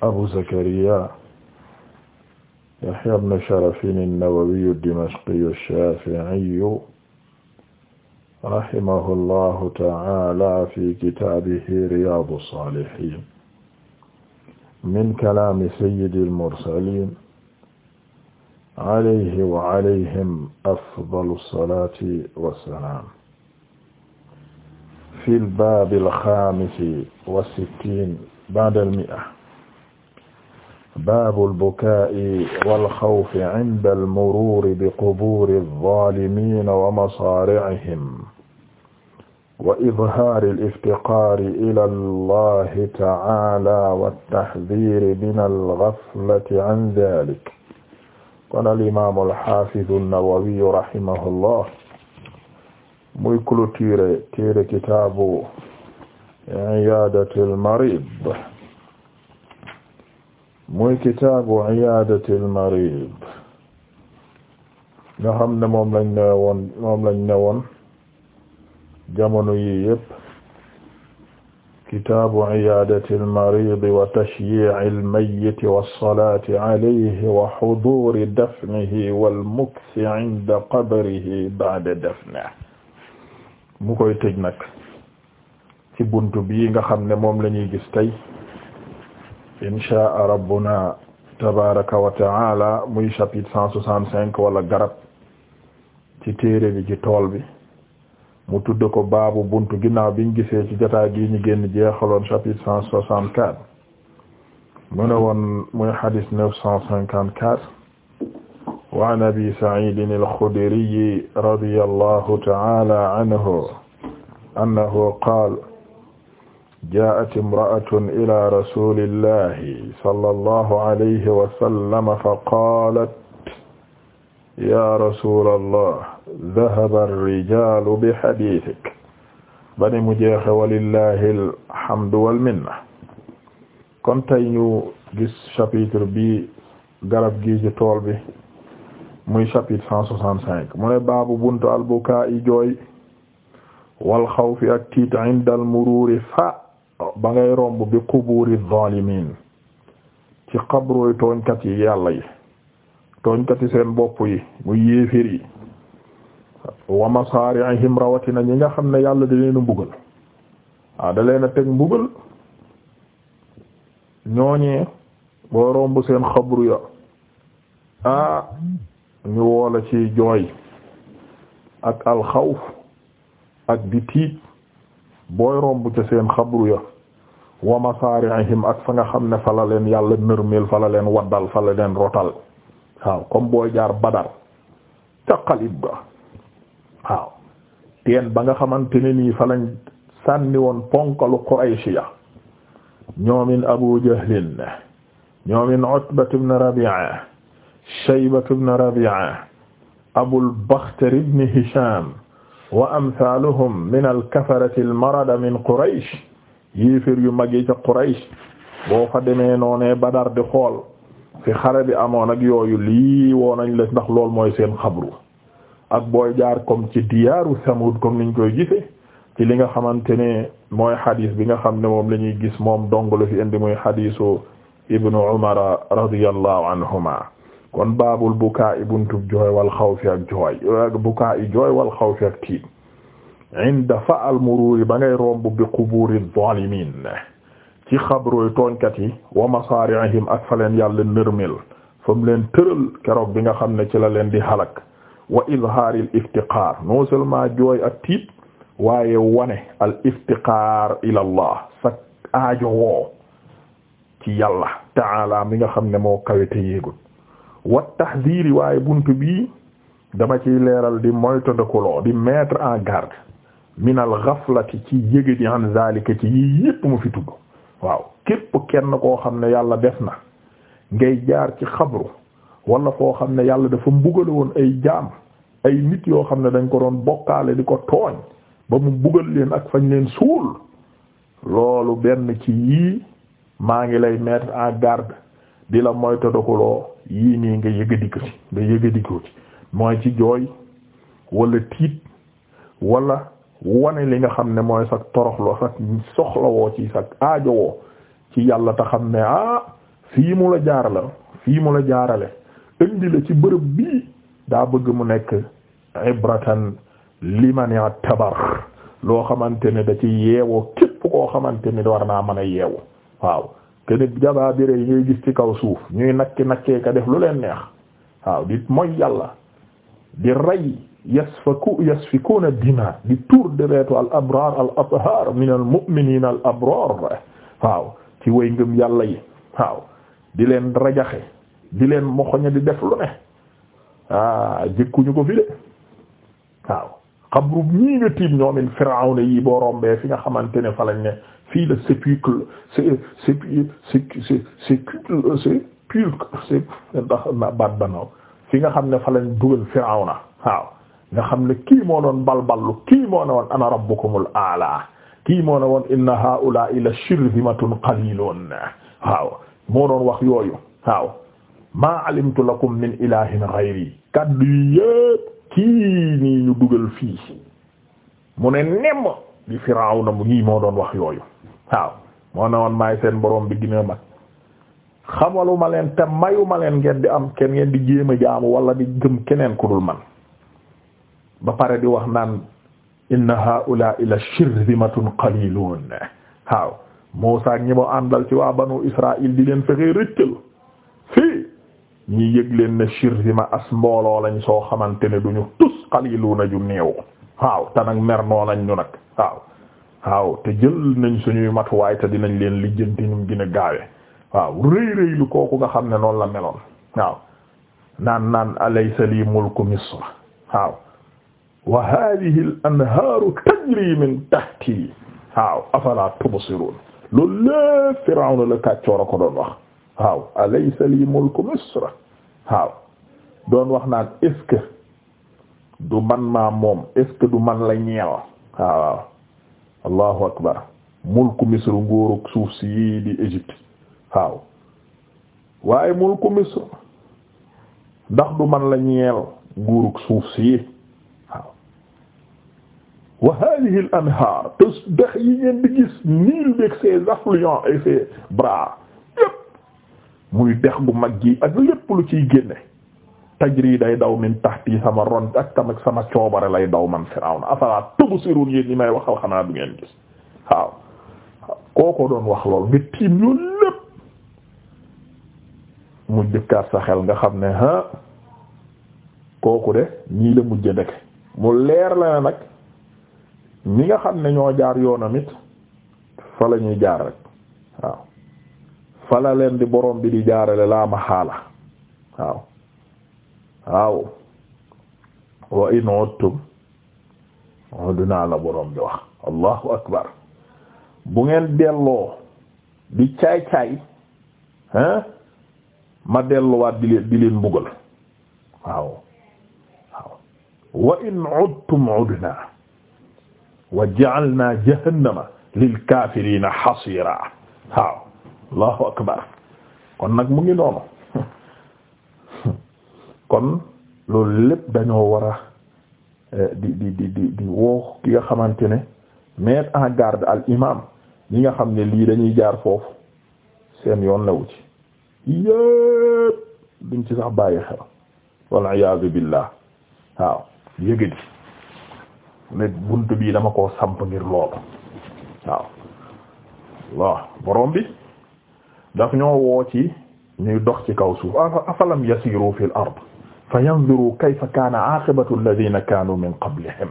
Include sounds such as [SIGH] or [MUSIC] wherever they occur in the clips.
abu zakariya yahya ibn sharafin an-nawawi ad-dimashqi ash-shafi'i rahimahu llahu ta'ala fi kitaabihi riyaadu saalihiin min kalaami sayyidil mursaliin alayhi wa alayhim afdalu salaati wa salaam fil baabil xaamisi wa sittiin ba'dal mi'a baabul bukaa'i wal xawfi inda al-muruuri bi qubuuri az-zaalimiina wa masaari'ihim wa izhaari al-iftiqaari ilaa Allaahi ta'aalaa wat-tahdhiiri min al-ghaflati an dhaalik. qaala al-imaamu al-haafidu an-nawawiyyu rahimahullah muy clôturer téere kitaabu iyaadatul mariid muy kitaabu iyaadatil mariid nga xam ne moom lañ ne woon moom lañ ne woon jamono yi yépp kitaabu iyaadatil mariid wa tashyiicil mayyit wa salaati alayhi wa xuduuri dafnihi wal mukthi inda qabrihi ba'da dafnihi mu koy tëj nag ci buntu bii nga xam ne moom lañuy gis tey inchaa rabbuna tabaraka wa taala muy chapitre wala garab ci téere bi ci tool bi mu tudd ko baabu buntu ginnaaw biñ gisee ci jotaay gi ñu génn jeexaloon chapitre cent soixante-quatre mu ne muy xadis neuf cent cinquante-quatre wa an abi saidin taala anhu annahu qaala jaa'at imra'atun ilaa rasuulillahi sallallahu alayhi wa sallam faqaalat yaa rasuulallah dahaba ar-rijaalu bihadiithik bani mu jeexe walillahi alhamdu wal minna kon tey ñu gis chapitre bi garab gi ci tool bi muy chapitre cent soixante-cinq mu ne baabu buntu al-bukaa'i jooy wal xawfi ak tiit inda al-muruuri fa ba ngay romb bi quburi zalimin ci xabroy tooñkat yi yàlla yi tooñkat yi seen bopp yi muy yéeféer yi wa masaari'ihim rawatina ñi nga xam ne yàlla da leen a mbugal waaw ah, da leen a teg mbugal ñooñee boo romb seen xabru ya ah ñu woola ci jooy ak alxawf ak di tiit booy romb ca seen xabru ya wa masaari'ihim ak fa nga xam ne fa la leen yàlla nërmeel fa la leen waddal fa la leen rotal waaw comme booy jaar badar ca xalib ga waaw teen ba nga xamante ne nii fa lañ sànni woon ponkalu Qurayshi ya ñoomin Abu Jahlin ñoomin Utba ibn Rabi'a Shayba ibn Rabi'a Abul Bakhtari ibn Hisham wa amthaaluhum min al-kafarati al-marada min Quraysh yéefér yu mag yi ca Quraysh boo fa demee noonee Badar di xool fi xare bi amoon ak yooyu lii woo nañ la ndax lool mooy seen xabru ak booy jaar comme ci diyaaru Samud comme niñ koy gisee ci li nga xamante ne mooy xadiis bi nga xam ne moom la ñuy gis moom dong la fi indi muy xadiisu Ibnu Umar radiyallahu anhuma kon baabul bukaa'i buntub jooy wal xawfi ak jooy bukaa'i jooy wal xawfi ak tiit inda fa al mururi ba ngay romb bi quburi zalimin ci xabroy yi wa masaari'ihim ak fa leen yàlla nërmel fa mu leen tëral keroog bi nga xam ne ci la leen di halak wa izhaaril iftiqaar non seulement jooy ak tiit waaye wane al iftiqaar ila aajo woo ci yàlla ta'ala mi nga xam ne moo kawite yéegul wa tahdiri waaye bunt bii dama ciy leeral di moytandikuloo di mettre en garde minal al ci yéga di an zalika ci yii yépp mu fi tudd waaw képp kenn koo xam ne yàlla def na ngay jaar ci xabru wala foo xam ne yàlla dafa mbugale woon ay jaam ay nit yoo xam ne dañ ko doon bokkaale di ko tooñ ba mu bugal leen ak fañ leen suul loolu benn ci yii maa ngi lay mettre en garde di la mooy toddakuloo yii nii nga yëgadiko ci nga yëgadiko ci mooy ci jooy wala tiit wala wane li nga xam ne mooy sax toroxloo sax soxlawoo ci sax aajowoo ci yàlla te xam ne ah fii mu la jaar fii mu la jaarale indi la ci bërëb bii daa bëgg mu nekk ibratan liman tabar loo xamante ne da ci yeewoo képp koo xamante ni war naa mën a yeewu waaw que nit jabaabire yi ngay gis ci kaw suuf ñuy nakki nakkee ka def lu leen neex waaw di mooy yàlla di rey yasfaku yasfikuna dima di tuur deretu al abrar al athar min al mu'minin al abrar waaw ci way ngëm yàlla yi waaw di leen rajaxe di leen moxoña di def lu ne ah jëkkuñu ko fi de waaw xabru ñii nga tiim ñoomin firawna yi boo rombee fi nga xamante ne fa lañ ne fii la sépulcre c'est c'est c'est c'est c'est c'est ndax na baat banaw fi nga xam ne fa lañ dugal Firawna waaw nga xam ne kii moo doon balballu kii moo ne woon ana rabbukumul aala kii moo ne woon inna haa'ulaa'i la shirzimatun qaliilun waaw moo doon wax yooyu waaw maa alimtu lakum min ilahin ghayri kaddu yi yépp kii nii ñu dugal fii mu ne nemm di Firawna mu ngi moo doon wax yooyu waaw moo ne woon maay seen borom bi gën a mag xamaluma leen te mayuma leen ngeen di am kenn ngeen di jéem a jaamu wala di gëm keneen ku dul man ba pare di wax naan inna haa'ulaa'i la shirzimatun qaliluun waaw Muusaa ñi ma àndal ci waa banu Israaïl di leen fexee rëccal fii ñi yëg leen ne shirzima as mbooloo lañ soo xamante ne duñu tus qaliluuna ju néew waaw te nag mer noo lañ ñu nag waaw waaw te jël nañ suñuy matuwaay te dinañ leen lijjanti ñu gën a gaawe waaw rëy rëy lu kooku nga xam ne noonu la meloon waaw naan naan alaysa li mulku misra waaw wa waaw afala tubsirun a ko doon wax waaw alaysa li mulku misra waaw doon wax naan est du man maa moom est du man la ñeel waaw allahu akbar mulku misr nguurug suuf si yii di Égypte waaw waaye mulku misr ndax du man la ñeel nguurug suuf si waaw wa hadhihi al te dex yi ngeen di gis niil beeg ses affluents et ses bras yépp muy dex gu mag gi ak lépp lu ciy génne tajri day daw min tahti sama ron ak tam sama coobare lay daw man Firawna afala tubsirun yéen ñi may waxal xanaa du ngeen gis waaw doon wax lool nga jëkkaat sa xel nga xam ne kooku de ñii la mujj ndeke mu leer la nag ñi nga xam ne ñoo jaar yoonam it fa la ñuy jaar rek waaw fa la leen di borom bi di jaarale laa ma xaala waaw waaw wa in uttum udna la borom bi wax allahu akbar bu ngeen delloo di caay caay hein ma delluwaat di leen di leen mbugal waaw waaw wa in udtum udna wa ja'alna jahannama lil kaafiriina hasiira waaw allahu akbar kon nag mu ngi noonu kon loolu lépp dañoo war a eh, di di di di woo ki nga xamante ne mettre en garde al imam ñi nga xam ne lii dañuy jaar foofu seen yoon newu ci yëpp duñ ci sax bàyyi xel walla iyaazu billaah waaw yëgadi ne bunt bii dama koo samp ngir loolu waaw waaw borom bi daf ñoo woo ci ñuy dox ci kaw suuf afalam yasiru fil ard fa yanzuru kayfa kaana aaqibatu alladhina kaanu min qablihim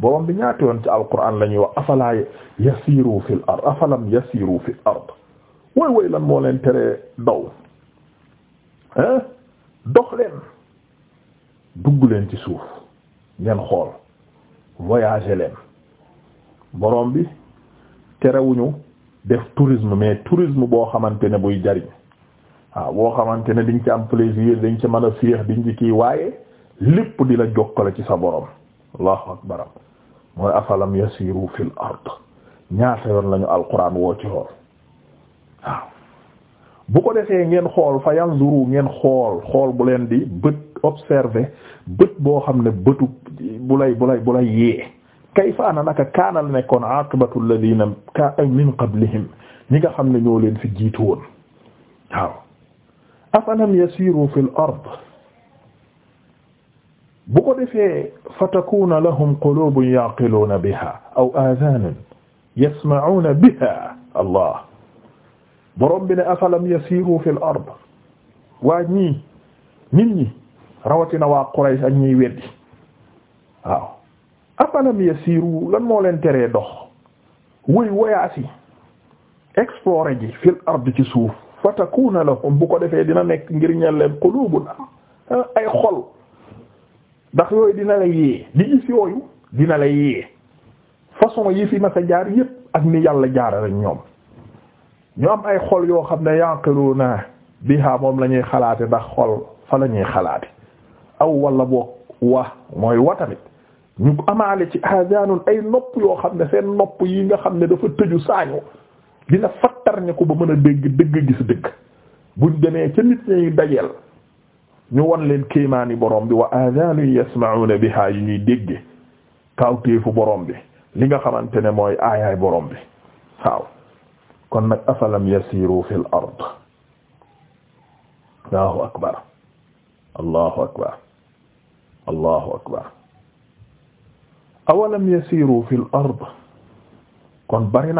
borom bi ñaata yoon ci alquran la ñuy wax afala yasiru fil ard afalam yasiru fil ard way way lan moo leen teree daw ah dox dugg leen ci suuf ngeen xool voyager leen borom bi terewuñu def tourisme mais tourisme boo xamante ne buy jariñ waaw ah, boo xamante ne diñ ci am plaisir diñ ci mën a féex diñ ci kii waaye lépp di la jokkale ci sa borom allahu akbar mooy afalam yasiru fil ard ñaata yoon lañu alquran woo ci lool waaw bu ko defee ngeen xool fa yanzuru ngeen xool xool bu leen di bët observer bët boo xam ne bëtu bu lay bu lay bu lay yee kayfa ana naka kaana la nekkoon aqibatu alladhina min qablihim ñi nga xam ne ñoo leen fi jiitu woon waaw afalam yasiru fil ard bu ko defee fa takuna lahum qulubun yaqiluuna biha aw aadaanun yasma'uuna biha allah borom bi ne afalam yasiru fil ard waa ñii nit ñi rawatina waa Quraysh ak ñiy weddi waaw afalam yasiru lan moo leen teree dox wuy woyaasi explorer ji fil ard ci suuf na takuna lahum bu ko defee dina nekk ngir ñel leen qulubun ay xol ndax yooyu dina lay yee di gis yooyu dina lay yee façon yi fi masa jaar yépp ak ni yàlla jaarale ñoom ñu am ay xol yoo xam ne yaqiluna biha moom lañuy ñuy xalaate ndax xol fa la ñuy aw wala boog wa mooy wa tamit ñu amaale ci adanun ay nopp yoo xam ne seen nopp yi nga xam ne dafa tëju saañu dina fattar ne ko ba mën a dégg dëgg gis dëgg buñ demee ca nit ñuy dajeel ñu won leen kéemaani borom bi wa aadaanu yasma'una biha yu ñuy dégge kawtéefu borom bi li nga xamante ne mooy aayaay borom bi waaw kon nag afalam yasiru fil ard allahu akbar akbar allahu akbar awalam yasiru fil kon bari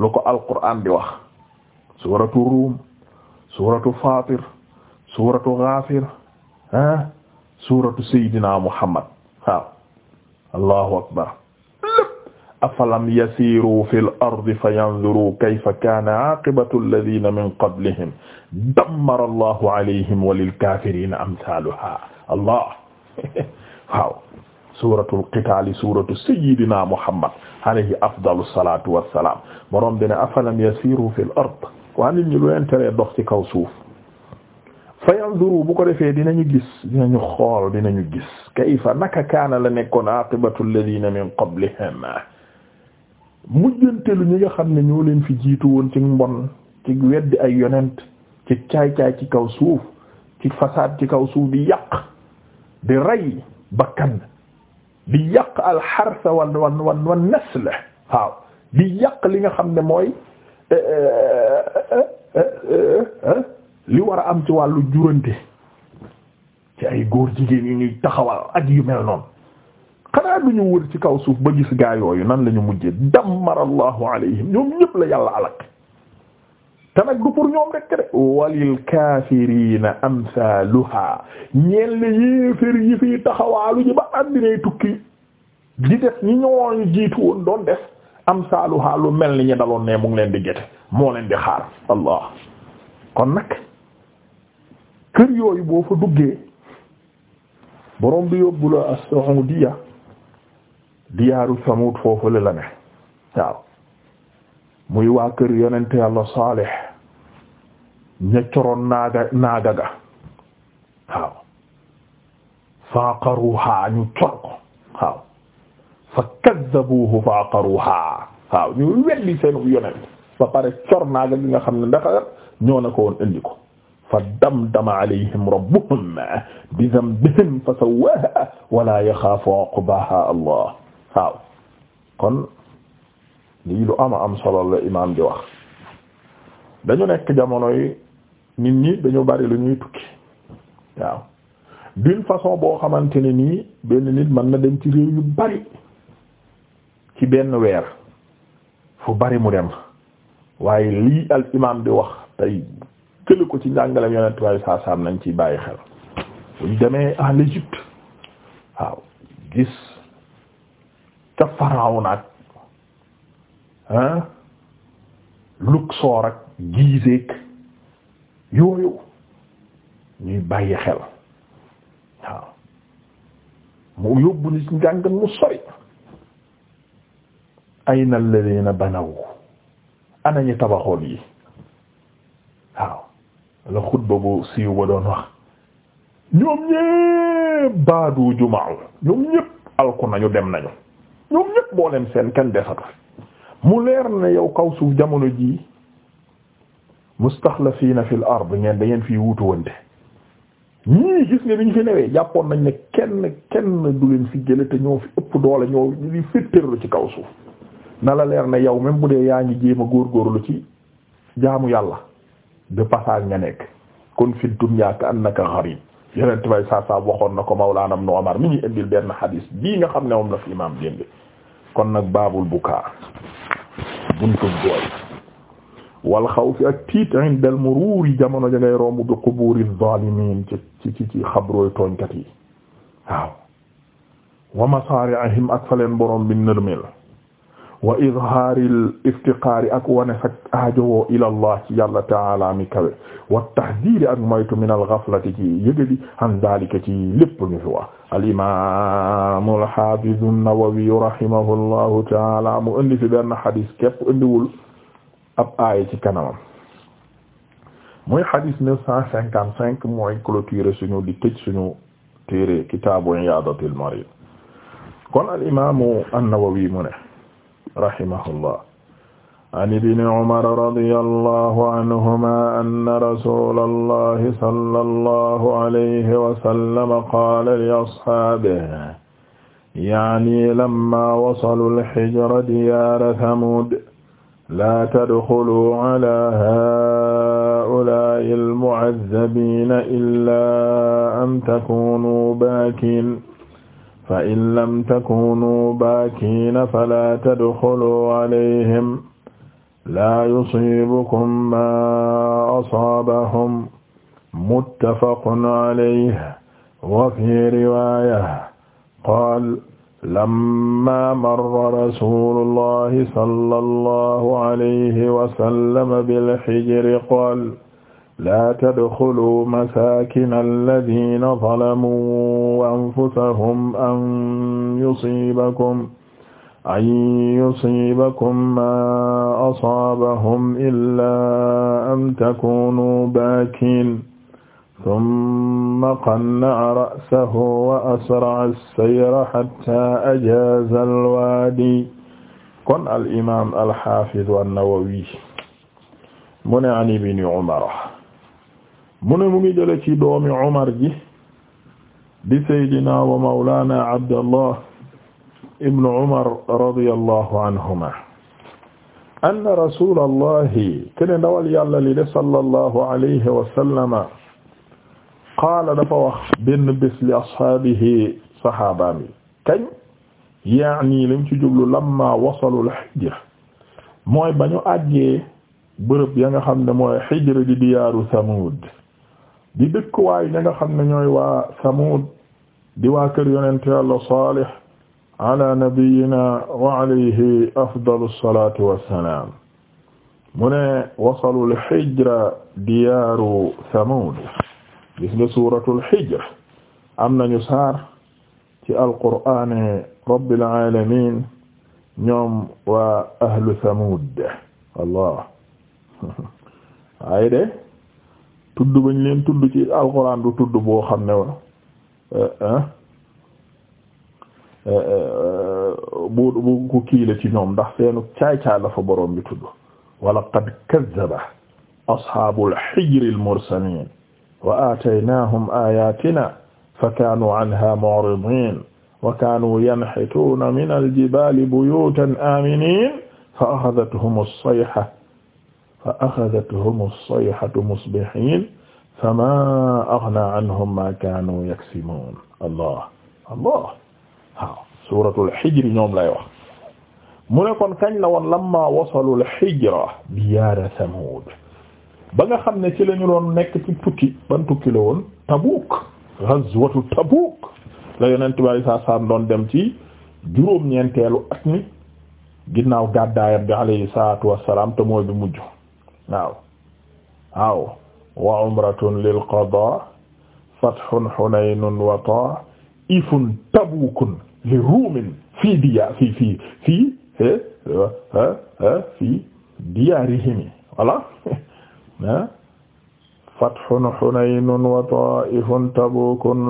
lu ko alquran di wax suratu ruum suratu fatir suratu ghafir ah suratu saydina muhammad waaw allahu akbar afalam yasiru fi l ardi fa yanzuru kayfa kaana aqibatu alladina min qablihim dammara allahu alayhim wa lilkafirina amsaluha allah [LAUGHS] waaw suuratul qitaali suuratu sayyidina Muhammad alayhi afdalu salaatu wa salaam borom bi ne afalam yasiiru fil ard waa nit leen teree dox ci kaw suuf fa bu ko defee dinañu gis ñu xool dinañu gis kayfa naka kaana la nekkoon aqibatu alladhiina min qablihim mujjante lu ñi nga xam ne ñoo leen fi jiitu woon ci mbon ci weddi ay yonent ci caay-caay ci kaw suuf ci fasaad ci kaw suuf di yàq di rey bakkan li di yàq alxarsa wan wan wan wan nasl waaw li yàq li nga xam ne mooy eh, eh, eh, li war a am ci wàllu jurante ci ay góor jigéen yu ñuy taxawal ak yu mel noonu xanaa du ñu wër ci kaw suuf ba gis gaa yooyu nan lañu mujje mujjee dammarallahu alayhim ñoom ñëpp la yàlla alak te nag du pour ñoom rek de walil kaafiriina amsaaluha ñeel yéeféer yi fi taxawaalu ji ba àddinay tukki di def ñi ñooñu jiitu woon doon def amsaaluha lu mel ni ñu daloon ne mu ngi leen di gete moo leen di xaar allah kon nag kër yooyu boo fa duggee borom bi yóbbu la as-Saudiya diyaaru Samuud foofu la ne waaw muy waa kër yonente yàlla Saalih ña coroon naaga naaga ga waaw faaqaruha ñu cor ko waaw fa kaddabuhu faaqaruha waaw ñu weddi seenu yonent ba pare cor naaga gi nga xam ne ndax ñoo na ko woon indi ko fa damdama alayhim rabbuhum bi dhanbihim fa sawwaha wala yaxaafu uqbaha allah waaw kon lii lu ama am solo la imaam di wax dañu nekk jamono yi nit ñi dañu bari lu ñuy tukki waaw d'une façon boo xamante ne nii benn nit mën na dem ci réew yu bari ci benn weer fu bari mu dem waaye lii al imaam di wax tey kële ko ci njàngaleem yonent waaye saa nañ ci bàyyi xel buñ demee en Égypte waaw gis ca Pharaon nag ah Luxor ak Gizeh yooyu ñuy bàyyi xel waaw mu yóbbu ni ci njàng mu sori ayna alladhina banaw ana ñu tabaxoon yi waaw la xutba bu siiw ba doon wax ñoom ñépp baadu jumaaw ñoom ñépp alku nañu dem nañu ñoom ñépp boo seen kenn desatu mu leer na yow kaw suuf jamono jii mustaxlafiina fil ard ngeen da ngeen fii wutu wante ñii gis nga bi ñu fi newee jàppoon nañ ne kenn kenn du leen fi jële te ñoo fi ëpp doole ñoo fi féttërlu ci kaw suuf na la leer na yow même bu dee yaa ngi jéem a góorgóorlu ci jaamu yàlla de passage nga nekk kon fi dunya ka annaka gharib yeneen tibay saa saa waxoon na ko Mawlaana Ibn Umar mi ñuy indil benn xadiis bii nga xam ne moom la fi imaam démb kon nag baabul bukaa buntu jooy wal xawfi ak tiit inda al muruuri jamono ja ngay romb bi quburi zalimin ci ci ci ci xabrooy tooñkat yi waaw wa masaari'ihim ak fa leen borom bi nërmel wa izhaaril iftiqaari ak wane sak aajowoo ila allah ci yàlla taala mi kawe wa tahdiiri ak moytu min al ghaflati ci yëgadi an daalika ci lépp ñu fi wax al imaam al haafiz an-Nawawi rahimahu llahu taala mu indi fi benn xadis képp indiwul ab aaya ci kanamam mooy xadis neuf cent cinquante cinq mooy clôturer suñu di tëj suñu téere kitaabu iyaadatil mariid kon al imaamu an-Nawawi mu ne rahimahullah an ibni umar radiyallahu anhuma anna rasulallahi sallallahu alayhi wa sallam qaala li ashaabihi yaani lamma wasalu al-hijra diyaara thamuud laa tadxuluu alaa haa'ulaa'i al-mu'azzabiina illaa an takuunuu baakiin fa in lam takunu baakiina fala tadxulu alayhim laa yusibukum maa asaabahum muttafaqun alayhi wa fii riwaaya qaal lamma marra rasuulullahi sallallahu alayhi wa sallam bil hijri qaal laa tadxulu masaakina alladiina zalamuu anfusahum an yusiibakum an yusiibakum maa asaabahum illaa an takuunuu baakiin summa qanna'a ra'sahu wa asra'a as-sayra hattaa ajaaza al-waadi kon al imaam al-haafiz an-Nawawi mu ne an ibni Umar mu ne mu ngi jële ci doomi Umar ji di saydina wa mawlana Abdallah ibn Umar radiyallahu anhuma anna rasulallahi kene ndawal yàlla li de sallallahu alayhi wa sallama qaala dafa wax benn bés li ashaabihi saxaabaam yi kañ yaani lim ci jublu lamma wasalul hijra mooy ba ñu àggee bërëb ya nga xam ne mooy hijra di diyaaru Samuud di dëkkuwaay ña nga xam ne ñooy waa Samuud di waa kër yonente Yàlla Saalih ala nabiyyina wa alayhi afdalu salaatu wassalaam mu ne wasalu al-Hijra diyaaru Samuud gis nga suuratul Hijr am nañu saar ci alqur'aan rabbil aalamiin ñoom waa ahlu Samuud Allah waaye [LAUGHS] de tudd bañ leen tudd ci alxuraan du tudd boo xam ne waa eh, eh. eh, bu bu ku kii la ci ñoom ndax seenu caay-caay la fa boroom bi tudd wala qad kazzaba ashaabul hijril mursaliin wa aataynaahum aayaatinaa fa kaanuu anhaa mu'ridiin wa kaanuu yanhituuna minal jibaali buyuutan aaminiin fa axadathum as-sayha fa axadathum as-sayhatu musbihiin famaa aghnaa anhum maa kaanuu yaksibuun allah allah waaw suuratul Hijr ñoom lay wax mu ne kon kañ la woon lammaa wasalul Hijra diyaara Samuud ba nga xam ne ci la ñu doon nekk ci tukki ban tukki la woon Tabuuk ghazwatu Tabuuk la Yonent bi saa saa doon dem ci juróom-ñeenteelu at mi ginnaaw gàddaayam bi alayhi salaatu wa salaam te mooy bi mujj. waaw waaw wa umratun lil qadaa fathun hunaynun wa taa'ifun tabuukun li ruumin fii diya fii fii fii fii diyaarihim voilà [LAUGHS] fathun hunaynun wa taa'ifun tabuukun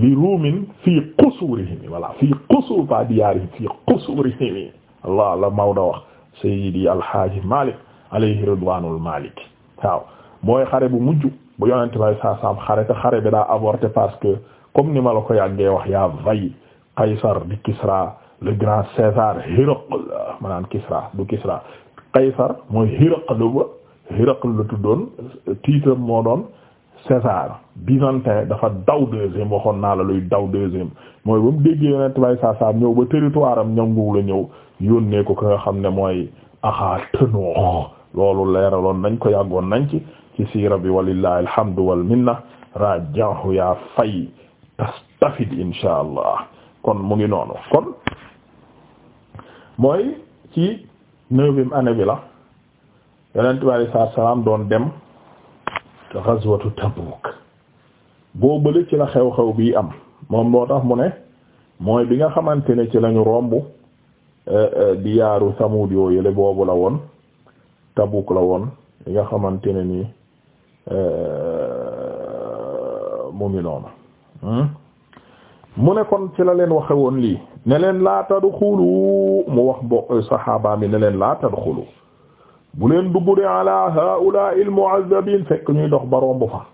li ruumin fii qusuurihim voilà fii qusuur faa diyaarihim fii qusuurihim Allah la Maodo wax sayyidi alhaaji Malik alayhi ridwanul Malik waaw mooy xare bu mujj bu yonente bay saa xare te xare bi daa avorté parce que comme ni ma la koy yàggee wax yaa vay Qaysar di Kisra le grand César Hiraql ma naan Kisra du Kisra Qaysar mooy Hiraql ba Hiraql la tuddoon tiitam moo doon César byzantin dafa daw deuxième waxoon naa la luy daw deuxième mooy ba mu déggee yonente bay saa ñëw ba territoire ñanguw la ñëw yónnee ko ka nga xam ne mooy axaa tënoox loolu leeraloon nañ ko yàggoon nañ ci ci siira bi walillahi alhamdu wal minna rajahu yaa fay tastafid insha allah kon mu ngi noonu kon mooy ci neuvième bi la yonent bi alayhi salaatu salaam doon dem ghazwatu Tabuk boobale ci la xew-xew bi am moom moo tax mu ne mooy bi nga xamante ne ci lañu romb Eh, eh, diyaaru Samud yooyu yële boobu la woon Tabuk la woon li nga xamante ne nii eh, mu ngi noonu hmm? mu ne kon ci la leen waxe woon lii ne leen laa tadxulu mu wax bo saxaaba mi ne leen laa tadxulu bu leen dugg de ala haula il mu'azzabin fekk ñuy dox ba romb fa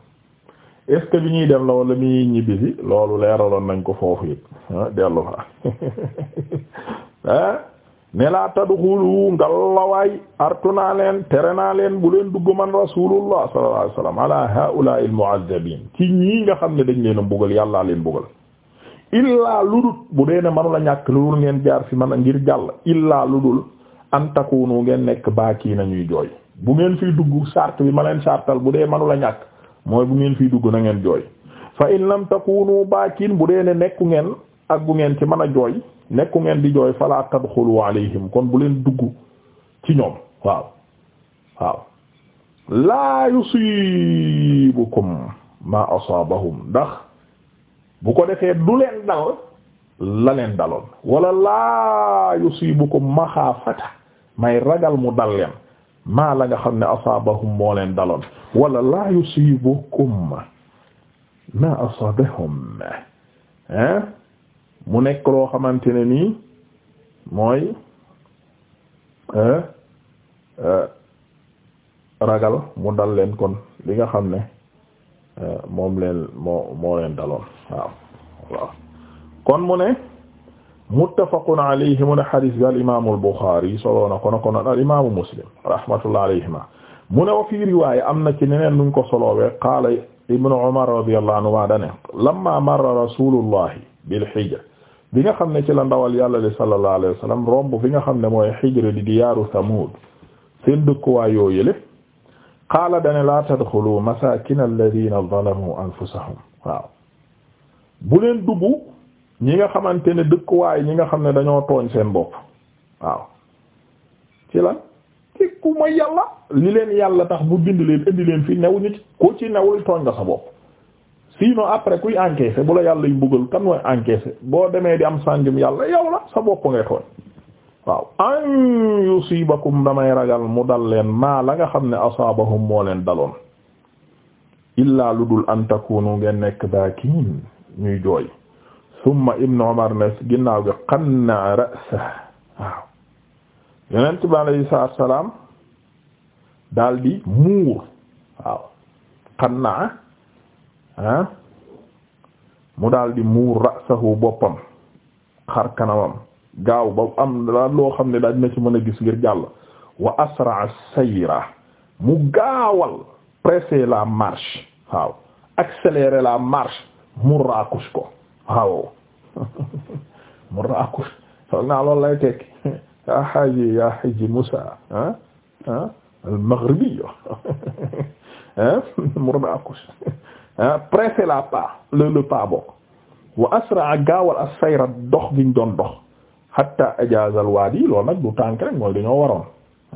est bi ñuy dem la wala mi ñibbisi loolu leeraloon nañ ko foofu it dellu fa [LAUGHS] ah ne laa tadxulu ngalawaay artu naa leen tere naa leen bu leen dugg man rasulullah sallallahu alayhi wasallam ala haa'ulaa'i al-mu'azzabin ci ñii nga xam ne dañ leen a mbugal yàllaa leen mbugal illaa ludul bu dee ne manula ñàkk ludul ngeen jaar fi man a ngir jàll illaa ludul an takunu ngeen nekk baakii ñuy jooy bu ngeen fiy dugg sart bi ma leen sartal bu dee la ñàkk mooy bu ngeen fii dugg nangeen jooy fa in lam takunu baakin bu dee ne nekku ngeen ak bu ngeen ci mën a jooy nekku ngeen di jooy fala tadxulu alayhim kon bu leen dugg ci ñoom waaw waaw laa yusibukum ma asaabahum ndax bu ko defee du leen dal la leen daloon wala laa yusibukum maxaafata may ragal mu dal leen maa la nga xam ne asaabahum moo leen daloon wala laa yusibukum ma asaabahum hein mu nekk loo xamante ne nii mooy euh, ragal mu dal leen kon li nga xam ne euh, moom leen moo moo leen daloon waaw waaw kon mu ne muttafaqun alayhi mu ne xadis bi al imaamul Buxaari soloo na kono kono al Muslim rahmatullah alayhima mu ne wa fii riwaaya am na ci neneen nuñ ko solowee qaala ibnu Umar radiyallahu anhu maa dane lamma marra rasulullahi bil hijr bi nga xam ne ci la ndawal yàlla li sallallahu alayhi wa sallam romb fi nga xam ne mooy xijre di diyaaru Samuud seen dëkkuwaay yoo yële qaala dane laa tadxulu masakina alladina zalamu anfusahum waaw bu leen dugg ñi nga xamante ne dëkkuwaay ñi nga xam ne dañoo tooñ seen bopp waaw ci lan ci ku mooy yàlla li leen yàlla tax bu bind leen indi leen fi new ñu ku ci newul tooñ nga sa bopp sinon après kuy encaissé bu la yàlla yu mbugal kan mooy encaissé boo demee di am sànjum yàlla yow la sa bopp ngay tooñ waaw an yusibakum damay ragal mu dal leen maa la nga xam ne asaabahum moo leen daloon illaa lu dul an takunu ngeen nekk baakiin ñuy jooy summa ibnu umar ne ginnaaw gi qanna ra'sa waaw yonent bi alayhi salaam daal di muur waaw qanna ah mu daal di muur rasahu boppam xar kanamam gaaw ba am la loo xam ne daal dina ci mën a gis ngir jàll wa asraa sayra mu gaawal presser la marche waaw la marche mu raakus ko waaw [LAUGHS] mu raakus naa loolu lay yaa xaaji yaa xaaji Musa ah ah al maghribi mu raakus pressé la pas le le pas bokk wa asraa gaawal as sayra dox giñ doon dox hatta ajazal waadi loolu nag du tànk rek mooy dañoo waroon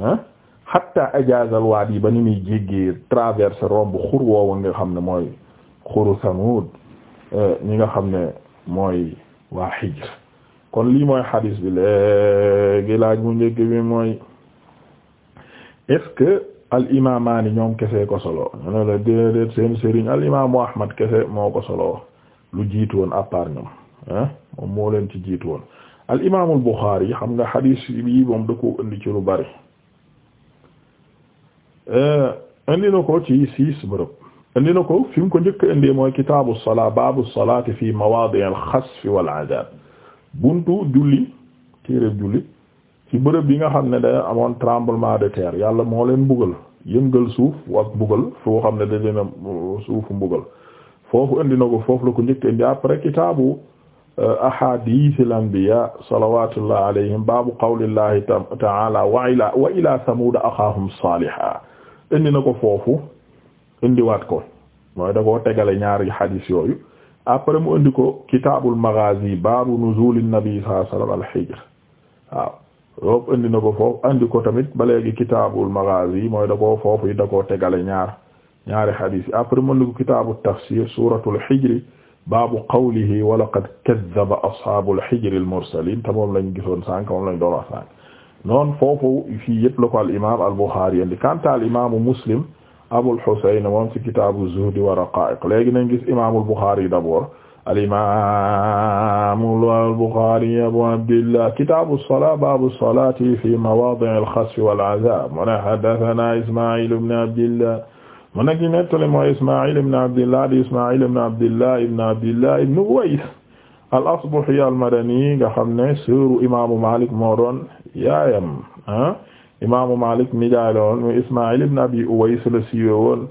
ah hatta ajazal waadi ba ni muy jéggee traverse romb xur woowa nga xam ne mooy xuru Samuud euh, ñi nga xam ne mooy waa Hijr kon lii mooy hadis bi léegi laaj mu njëkk bi mooy est-ce al imaamaani ñoom kese ko solo ñu ne la déedéet seen sëriñ al imaamu Ahmad kese moo ko solo lu jiitu woon à ñoom moo leen ci jiitu woon al imaamul Buxaari xam nga xadiis bi moom da indi ci lu bari eh, indi na ko ci six bërëb indi na ko fi mu ko njëkk indee mooy kitaabu salaa baabu salaati fi mawaadi al xasfi wal adaab buntu julli téereb julli ci bërëb yi nga xam ne da amoon tremblement de terre yàlla moo leen mbugal yëngal suuf ak mbugal xam ne da leen suufu mbugal foofu indi na ko foofu la ko njëkk indi après kitaabu euh, ahadithil anbiya salawatullah alayhim baabu qawlillahi ta'ala wa ila wa ila samuda axaahum saliha indi na ko foofu indiwaat ko mooy da koo tegale ñaari hadis yooyu après mu indi ko kitaabul maghazi baabu nuzulin nabi sallallahu al-hijr waaw foofu indi na ko foofu andi ko tamit ba léegi kitaabul maghazi mooy da koo foofu da koo tegale ñaar ñaari hadith après mën na ko kitaabu tafsir suuratul hijr baabu qawlihi wa laqad kazzaba ashaabul hijri al-mursaliin te moom lañ gisoon sànq moom lañ doon wax sànq noonu foofu fii yëpp la ko al imaam al buxaari indi kanta al imaamu muslim abul husayn moom ci kitaabu zuhdi wa raqaa'iq léegi nañ gis imaamul buxaari d'abord. alimamu al-Bukhari abu abdillah kitaabu salaa baabu salaati fi mawaadi'i al-xasfi wal-azaab mu ne haddasanaa Ismaa'iil ibn Abdillah mu ne ki nettali mooy Ismaa'iil ibn Abdillah di Ismaa'iil ibn Abdillah ibn Abdillah ibn Uways al-Asbahi al-Madani nga xam ne sëru imaamu Maalik moo doon yaayam ah imaamu Maalik mi jaay la woon muy Ismaa'iil ibn Abi Uways la siiwee woon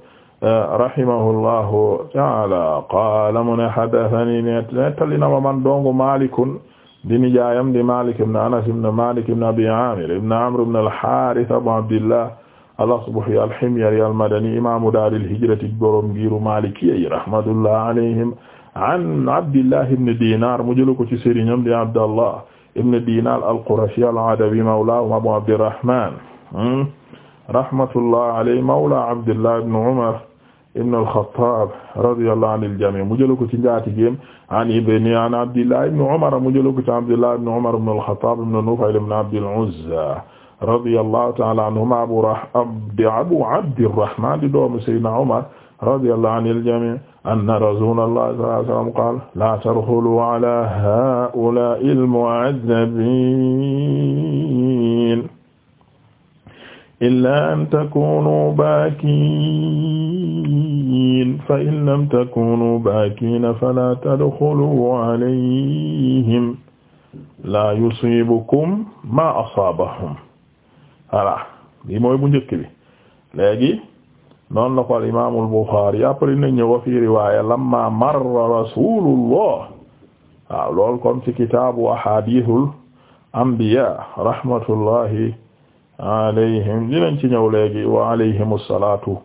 rahimahullahu taala qaala mu ne hadathani nettali na ma man dong malikun di nijaayam di malik ibn anas ibn malik ibn abi amir ibn amr ibn al-harith abu abdillah al-asbahi al-himyari al-madani imamu daaril hijrati borom ngiru malikiyi rahmatullah alayhim an abdillah ibn dinar mu jëlu ko ci sëriñam di abdallah ibn dinar al-qurashi al-adawi mawlahum abu abdirrahman hmm? rahmatullah alayhi mawla abdillah ibn umar ibn al-Khattab radiyallahu anil jami mu jëla ko ci njaatigéem an ibni an Abdillah ibn Umar mu jëla ko ci Abdillah ibn Umar ibn al-Khattab ibn Nufayl ibn Abd al-Uzza radiyallahu ta'ala anhuma Abu Abdirrahman di doomu Sayyidina Umar radiyallahu anil jami anna Rasulullah sallallahu alayhi wa sallam qala la tadkhulu ala ha'ula'i al-mu'adhdhabin illaa an takunu baakiin fa in lam takunu baakiina falaa tadxulu alayhim laa yusiibukum maa asaabahum voilà lii mooy bu njëkk bi léegi noonu la ko al imaamu al Buxaari après na ñëw fi riwaaya lamma marra rasuulullah waaw lool kon ci kitaabu ahaadiisul anbiyaa rahmatullahi alayhim dinañ ci ñëw léegi wa alayhimu salaatu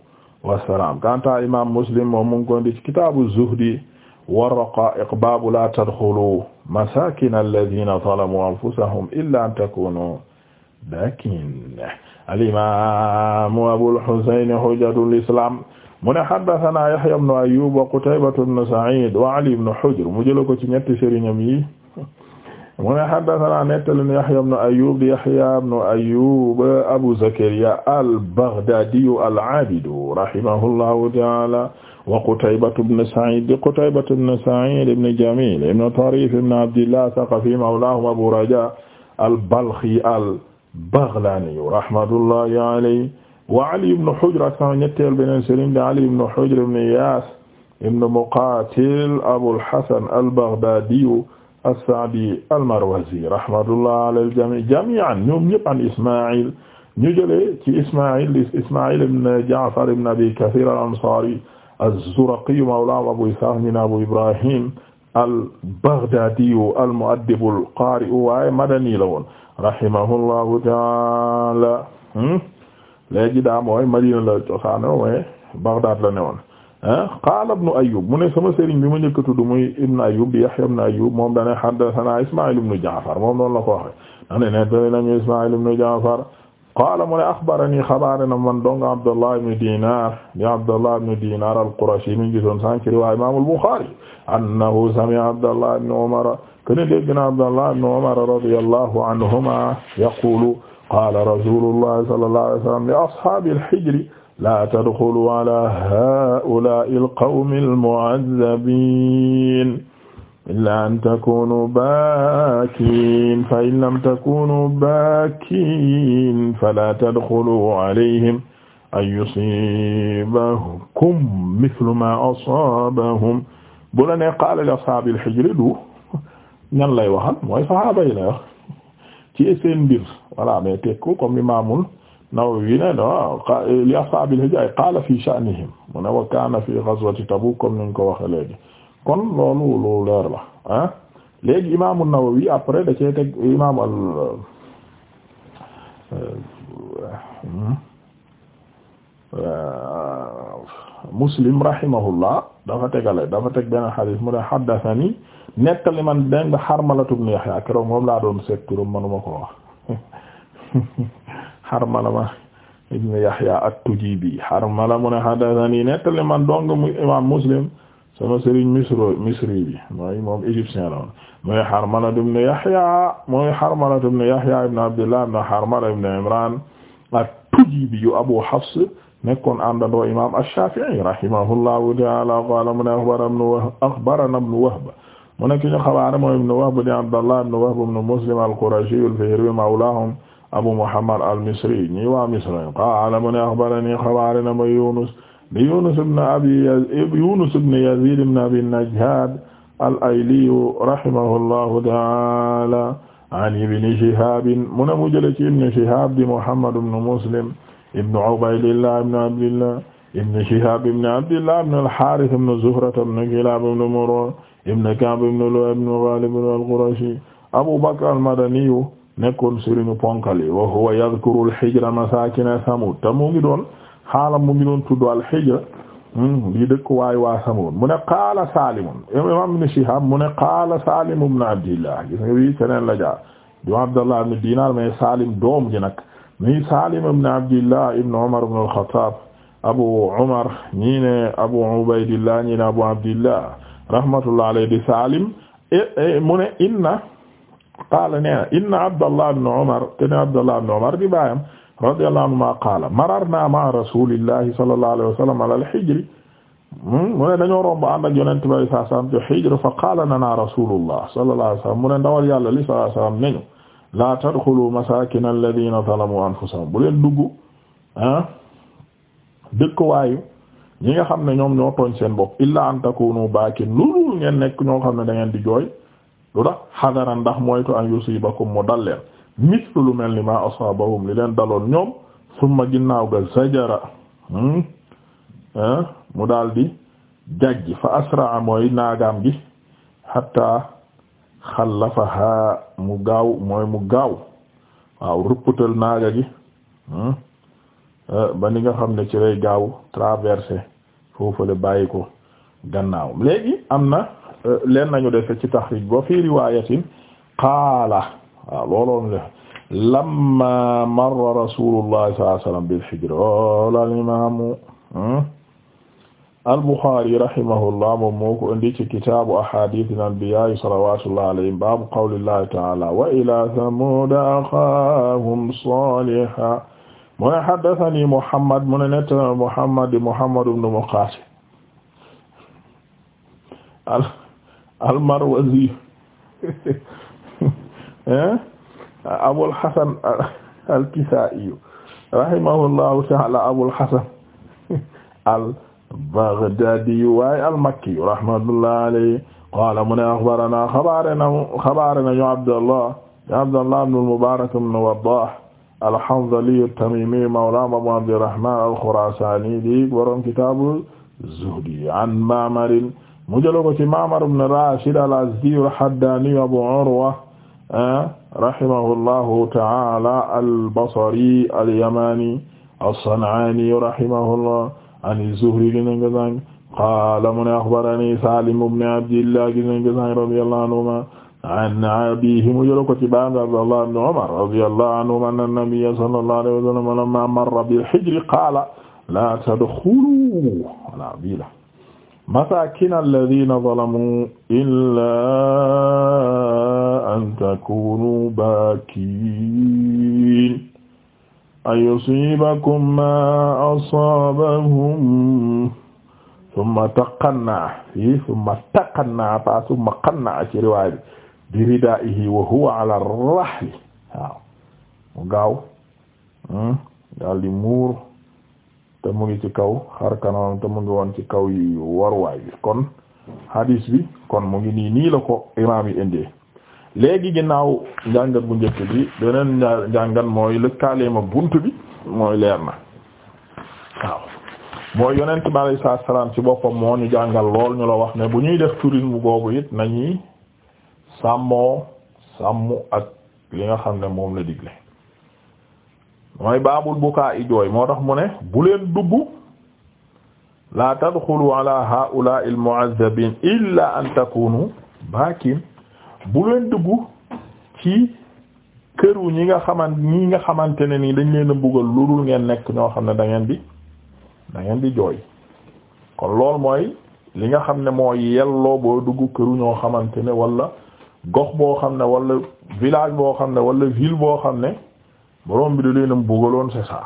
wa salaam kanta imaam muslim moom mu ngi ko indi ci kitaabu zuhdi wa raqaa'iq baabu laa tadxulu masaakina allaziina zalamuu anfusahum illaa an takuunuu baakiin al-imaamu abul husayn hujjatul islaam mu ne haddasanaa yahyaa ibnu ayyuub wa qutaybatu ibnu sa'iid wa ali ibnu hujr mu jël ko ci ñetti sëriñam yi mu ne haddathana nettali nu Yahya ibn Ayyub di Yahya ibn Ayyub Abu Zakariya al-Baghdadi al-Abid rahimahullahu ta'ala wa Qutaybatu ibn Sa'id di Qutaybatu ibn Sa'id ibn Jamil ibn Tarif ibn Abdillah Thaqafi mawlahum Abu Raja al-Balkhi al-Baghlani rahmatullahi alayhi wa Ali ibn Hujr ak sama ñetteel beneen sëriñ di Ali ibn Hujr ibn Iyas ibn Muqatil Abul Hasan al-Baghdadi as-Sa'di al-Marwazi rahmatullah ala al-jami' jami'an ñoom ñëpp an Isma'il ñu jëlee ci Isma'il Isma'il ibn Ja'far ibn Abi Kathir al-Ansari az-Zuraqi mawla Abu Ishaq ibn Abu Ibrahim al-Baghdadi al-mu'addib al-qari waaye madani la woon rahimahullahu ta'ala hmm? léegi daa mooy Madina la cosaano waaye Baghdad la newoon Ah qaala ibnu Ayyub mu ne sama sëriñ bi ma njëkk a tudd muy ibnu Ayyub bi Yahya ibnu Ayyub moom dane haddasanaa Ismaa'il ibnu Ja'far moom noonu la ko waxe dane nettali nañu Ismaa'il ibnu Ja'far qaala mu ne axbaranii xabaare na man dong Abdullah ibnu Diinaar di Abdullah ibnu Diinaar al-Qurashi mi gisoon sànq ci riwaaya Imaamul Buxaari annahu sami'a Abdullah ibnu Umar kana dégg na Abdullah ibnu Umar radiyallahu anhumaa yaquulu qaala rasuulullahi sallallahu alayhi wa sallam li ashaabil hijri laa tadxulu ala haa'ulaa'i alqawmi almu'azzabiin illaa an takuunu baakiin fa in lam takuunu baakiin falaa tadxulu alayhim an yusiibakum mislu maa asaabahum bu la nee qaala li ashaabil hijri du ñan lay waxal mooy saxaaba yi la wax ci seen mbir voilà mais teg ko comme imaamul Nawawi ne ah, li ashaabil hijja qaala fi sha'nihim mu ne fi ghazwati Tabuk comme ni ñu ko waxee léegi kon loolu lu leer la ah léegi imaamu Nawawi après da cee teg imaam al euh, Muslim rahimahullah dafa tegale dafa teg benn xadis mu ne haddathani nettali man dégg nga Harmalatu ibn Yahya keroog moom laa doon seet turam manuma ko wax [LAUGHS] Harmalama ibn Yahya at-Tujibi Harmala mu ne haddathani nettali man dong muy imam Muslim sama sëriñ Misri Misri bi mooy moom égyptien la woon mooy Harmala ibn Yahya mooy Harmala ibn Yahya ibn Abdullah ibn Harmala ibn Imran at-Tujibi yu Abu Hafs nekkoon àndandoo imam ash-Shafi'i rahimahullahu ta'ala qala mu ne akhbarana ibn Wahb akhbarana ibn Wahb mu ne ki ñu xabaare mooy ibn Wahb di Abdullah ibn Wahb ibn Muslim al-Qurashi al-Fihri mawlahum abu muhammad al-misri ñi waa misra qaala mu ne axbarani xabaare na ma yunus di yunus ibn abi yunus ibn yazid ibn abi najjad al-ayliyu rahimahullahu taala an ibni shihabin mu ne mu jële ci ibni shihab di muhammad ibn muslim ibn ubaydillah ibn abdillah ibn shihab ibn abdillah ibn al-harith ibn zuhra ibn kilab ibn murra ibn ka'b ibn lu'ay ibn ghalib al-qurashi abu bakr al-madaniyu nekkoon sëriñu ponkal wa huwa yadhkuru al-hijra masakina Samud te mu ngi doon xaalam mu ngi al-hijra lii hmm, dëkk waay waa Samud mu ne qaala imam ibn Shihab mu ne qaala Salim ibn Abdillah gis nga bii la jaar du Abdallah ibn Dinar mais Salim doom ji nag mi Salim ibn Abdillah ibn Umar ibn rahmatullah alayhi di Salim e, e, inna qaala nee na inna abdallah ibn umar kene abdallah ibn umar di baayam radiyallahu anhuma qaala mararna ma rasulillahi sallallahu alayhi wa sallam ala al-hijr hmm, mu ne dañoo romb ànd ak yonent bi saa hijr fa qaala lana rasulullah sallallahu alayhi wa sallam mu ne ndawal yàlla li sallallahu alayhi wa sallam nañu la tadxulu masakin alladhina zalamu anfusahum bu leen dugg ah dëkkwaayu ñi nga xam ne ñoom ñoo tooñ seen bopp illa an takunu baakin loolu ngeen nekk ñoo xam ne da ngeen di jooy lu tax xadara ndax moytu an yusibakum mu dal leen mislu lu mel ni ma asaabahum li leen daloon ñoom summa ginnaaw ga zajara hmm, eh, mu daal di jajji fa asraa mooy naagaam gi hatta xallafaha mu gaaw mooy mu gaaw waaw rëppatal naaga gi hmm, eh, ba ni nga xam ne ci lay gaaw traversé foofule bàyyi ko gannaaw léegi am na leen nañu defe ci taxriij ba fi riwaayatin qaala waaw looloon le lamma marra rasuulullahi sallallahu alayhi wa sallam bil hijr al imaamu hmm, al buxaari rahimahullah moom moo ko indi ci kitaabu ahaadiisil anbiyaa salawaatullahi alayhim baabu qawlillahi ta'aala wa ilaa samuuda axaahum saalihan mu ne haddasanii Muhammad mu ne nettali Muhammad Muhammad ibn Muqaasim al-Marwazi [LAUGHS] eh? Abul Hasan al-Kisaa'i rahimahullahu ta'ala Abul Hasan al-Baghdaadi waaye al-Makki rahmatullahi alayhi qaala mu ne axbaranaa xabaare nañu xabaare nañu Abdallah Abdallah ibn al-Mubaarak ibn Waddaah al-Hanzali at-Tamiimi mawlaahum Abu Abdirrahmaan al-Khuraasaani di borom kitaabu zuhdi an Ma'mar mu jëloon ko ci Ma'mar ibn Rashid al-Azdi al-Haddani Abu Urwa ah, rahimahullahu ta'ala al-Basri al-Yamani as-San'ani rahimahullah an az-Zuhri gis nañ ko sànq qaala mu ne akhbarani Salim ibn Abdillah gis nañ ko sànq radiyallahu anhuma an abihi mu jëloon ko ci baam Abdullah ibn Umar radiyallahu anhuma anna an-nabiyya sallallahu alayhi wa sallam lamma marra bil-hijr qaala la tadkhulu masakina alladina zalamu illa an takunu bakin an yusibakum ma asabahum summa taqanna fi summa taqanna fa summa qanna ci riwaaya bi bi ridaa'ihi wa huwa ala rahli waaw mu gaaw hmm, daal di muur te mu ngi ci kaw xar kanam te mu ngi woon ci kaw yi waruwaay bi kon hadis bi kon mu ngi nii nii la ko imaam yi indee léegi ginnaaw njàngat bu njëkk bi beneen njàngat mooy lëkkaaleema bunt bi mooy leer na waaw mooy yonent bi salaam ci boppam moo ñu jàngal lool ñu la wax ne bu ñuy def tourisme boobu it nañuy sàmmoo sàmm ak li nga xam ne moom la digle mooy baabul bukaa i jooy moo tax mu ne bu leen dugg la tadxulu ala haula'i almu'azzabin illa an takunu baakin bu leen dugg ci këru ñi nga xaman ñi nga xamante ne nii dañ leen a lu dul ngeen nekk ñoo xam ne dangeen di dangeen di jooy kon lool mooy li nga xam ne moo yelloo boo dugg këru ñoo xamante ne wala gox boo xam ne wala village boo xam ne wala ville boo xam ne borom bi da leen a bugaloon c'est ça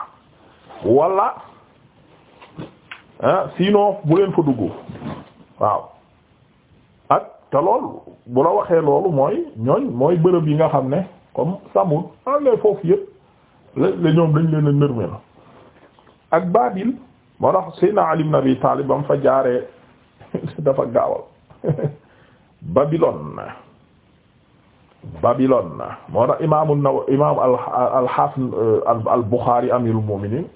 wala ah sinon bu leen fa dugg waaw ak te loolu bu la waxee loolu mooy ñooñ mooy bërëb yi nga xam ne comme Samud enlee ah, foofu yëpp la ñoom dañ leen a nërmé ak Baabil moo tax Seydina Ali ibn Abi Talib ba mu fa jaaree [LAUGHS] dafa gaawal [LAUGHS] Babylone Babylone moo tax imaamu Nawawi imaamu al alxaafis al euh, Buxaari amiirul mu'miniin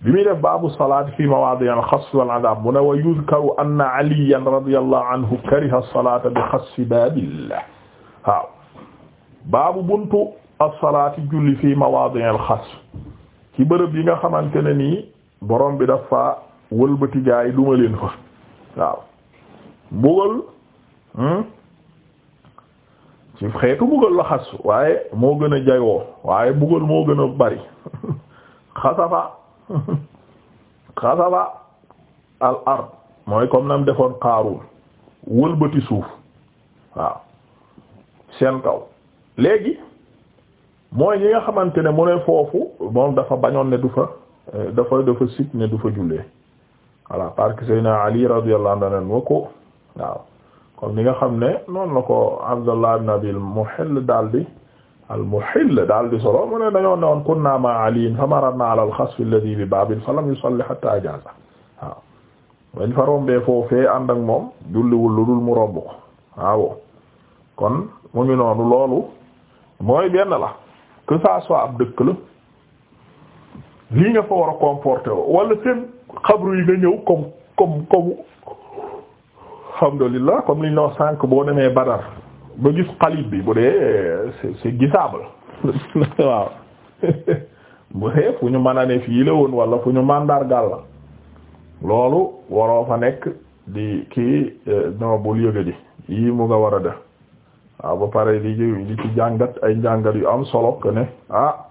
bi muy def baabu salaat fi mawaadi' al-xasf wal adaab mu ne wa yuzkaru anna Aliyyan radiyallahu anhu kariha as-salaata bi xasfi Baabil waaw baabu buntu as-salaati julli fi mawaadi' al-xasf ci bërëb yi nga xamante ne nii borom bi dafa wëlbati gaay duma leen fa waaw mbugal hmm? ci xeetu mbugal la xas waaye moo gën a jayoo waaye mbugal moo gën a bari xasafa xasafa al mooy comme nam defoon xaaruun wëlbëti suuf waaw seen kaw léegi mooy ñi nga xamante ne mu ne foofu moom dafa bañoon ne du fa eh, dafa dafa sit ne du fa jullee voilà parce que Seydina Ali radiyallahu anhu wa ko waaw comme ni nga xam ne noonu la ko Abdullah ibn Abi al-Muhill daal di solo mu ne dañoo newoon kunna ma Ali famaradna ala al-khasf alladhi bi Babil falam yusalli hatta ajaza waaw bañ fa rombee foofee ànd ak moom julliwul lu dul mu romb ko waaw kon mu ngi noonu loolu mooy benn la que ça soit ab dëkk la lii nga fa war a wala seen xabru yi nga ñëw comme comme alhamdulillah comme li ñu la sànq boo demee Badar ba gis xalib bi bu dee c'est c'est gisable [LAUGHS] waaw [LAUGHS] bu dee fu ñu mën a ne fii la woon wala fu ñu màndargal la loolu waroo fa nekk di kii euh, non bul yëga di yii mu nga war a def waaw ba pare di di ci jàngat ay njàngat yu am solo que ne ah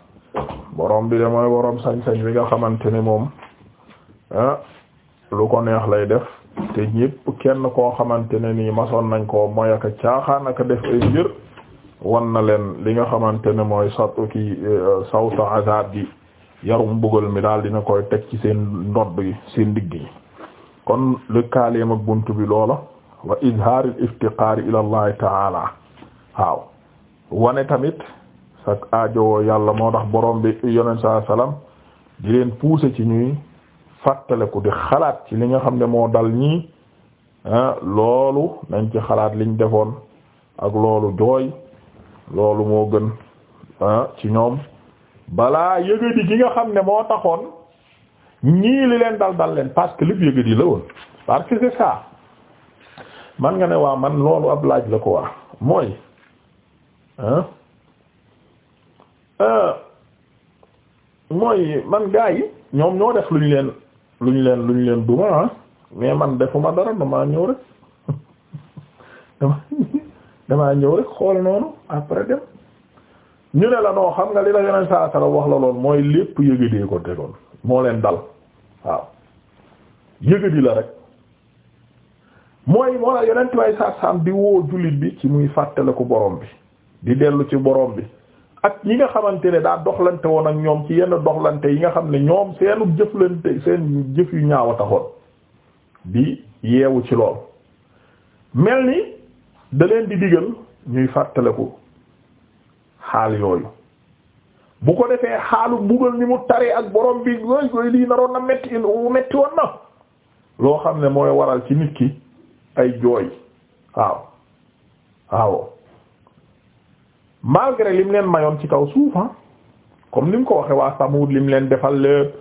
borom bi de mooy borom sañ-sañ bi nga xamante ni moom ah lu ko neex lay def te ñépp kenn ko xamante ne nii masoon nañ koo mooy ak caaxaan ak def ay mbir wan na leen li nga xamante ne mooy satu ki eh, sawtu azab gi yarum bugal mi daal dina koy teg ci seen ndodd yi seen ndigg yi kon lëkkaaleem ak bunt bi loola wa izhaaril iftiqaari ila taala waaw wane tamit sak aajowoo yàlla moo tax borom bi yonent saa sallam di leen pousser ci ñuy fàttaleku di xalaat ci li nga xam ne moo dal ñii ah, loolu nañ ci xalaat liñ defoon ak loolu jooy loolu moo gën ah, ci ñoom balaa yëgadi gi nga xam ne moo taxoon ñii li leen dal dal leen parce que lépp yëgadi la woon parce que c'est man nga ne waa man loolu ab laaj la ko waa mooy ah, mooy man gaa yi ñoom ñoo def luñ leen lu ñu leen lu ñu leen duma ah, mais man defuma dara damaa ñëw rek [LAUGHS] damaa ñëw rek xool noonu après dem ñu ne la noo xam nga li la yeneen saa sara wax la lool mooy lépp yëgadee ko tegoon moo leen dal waaw yëgadi la rek mooy moo la yeneen tuwaay saa saam di woo jullit bi ci muy fàttale ko borom bi di dellu ci borom bi ak ñi nga xamante ne daa doxlante woon ak ñoom ci yenn doxlante yi nga xam ne ñoom seenu jëflante seen jëf yu ñaaw a taxoon bi yeewu ci lool mel ni da leen di digal ñuy fàttaliku xaal yooyu bu ko defee xaalu buggal ni mu taree ak borom bi yooyu yooyu lii naroon na metti metti woon na loo xam ne mooy waral ci nit ki ay jooy waaw waaw malgré lim leen mayoon ci kaw suuf ah, comme ni mu ko waxe waa Samuud lim leen defal lépp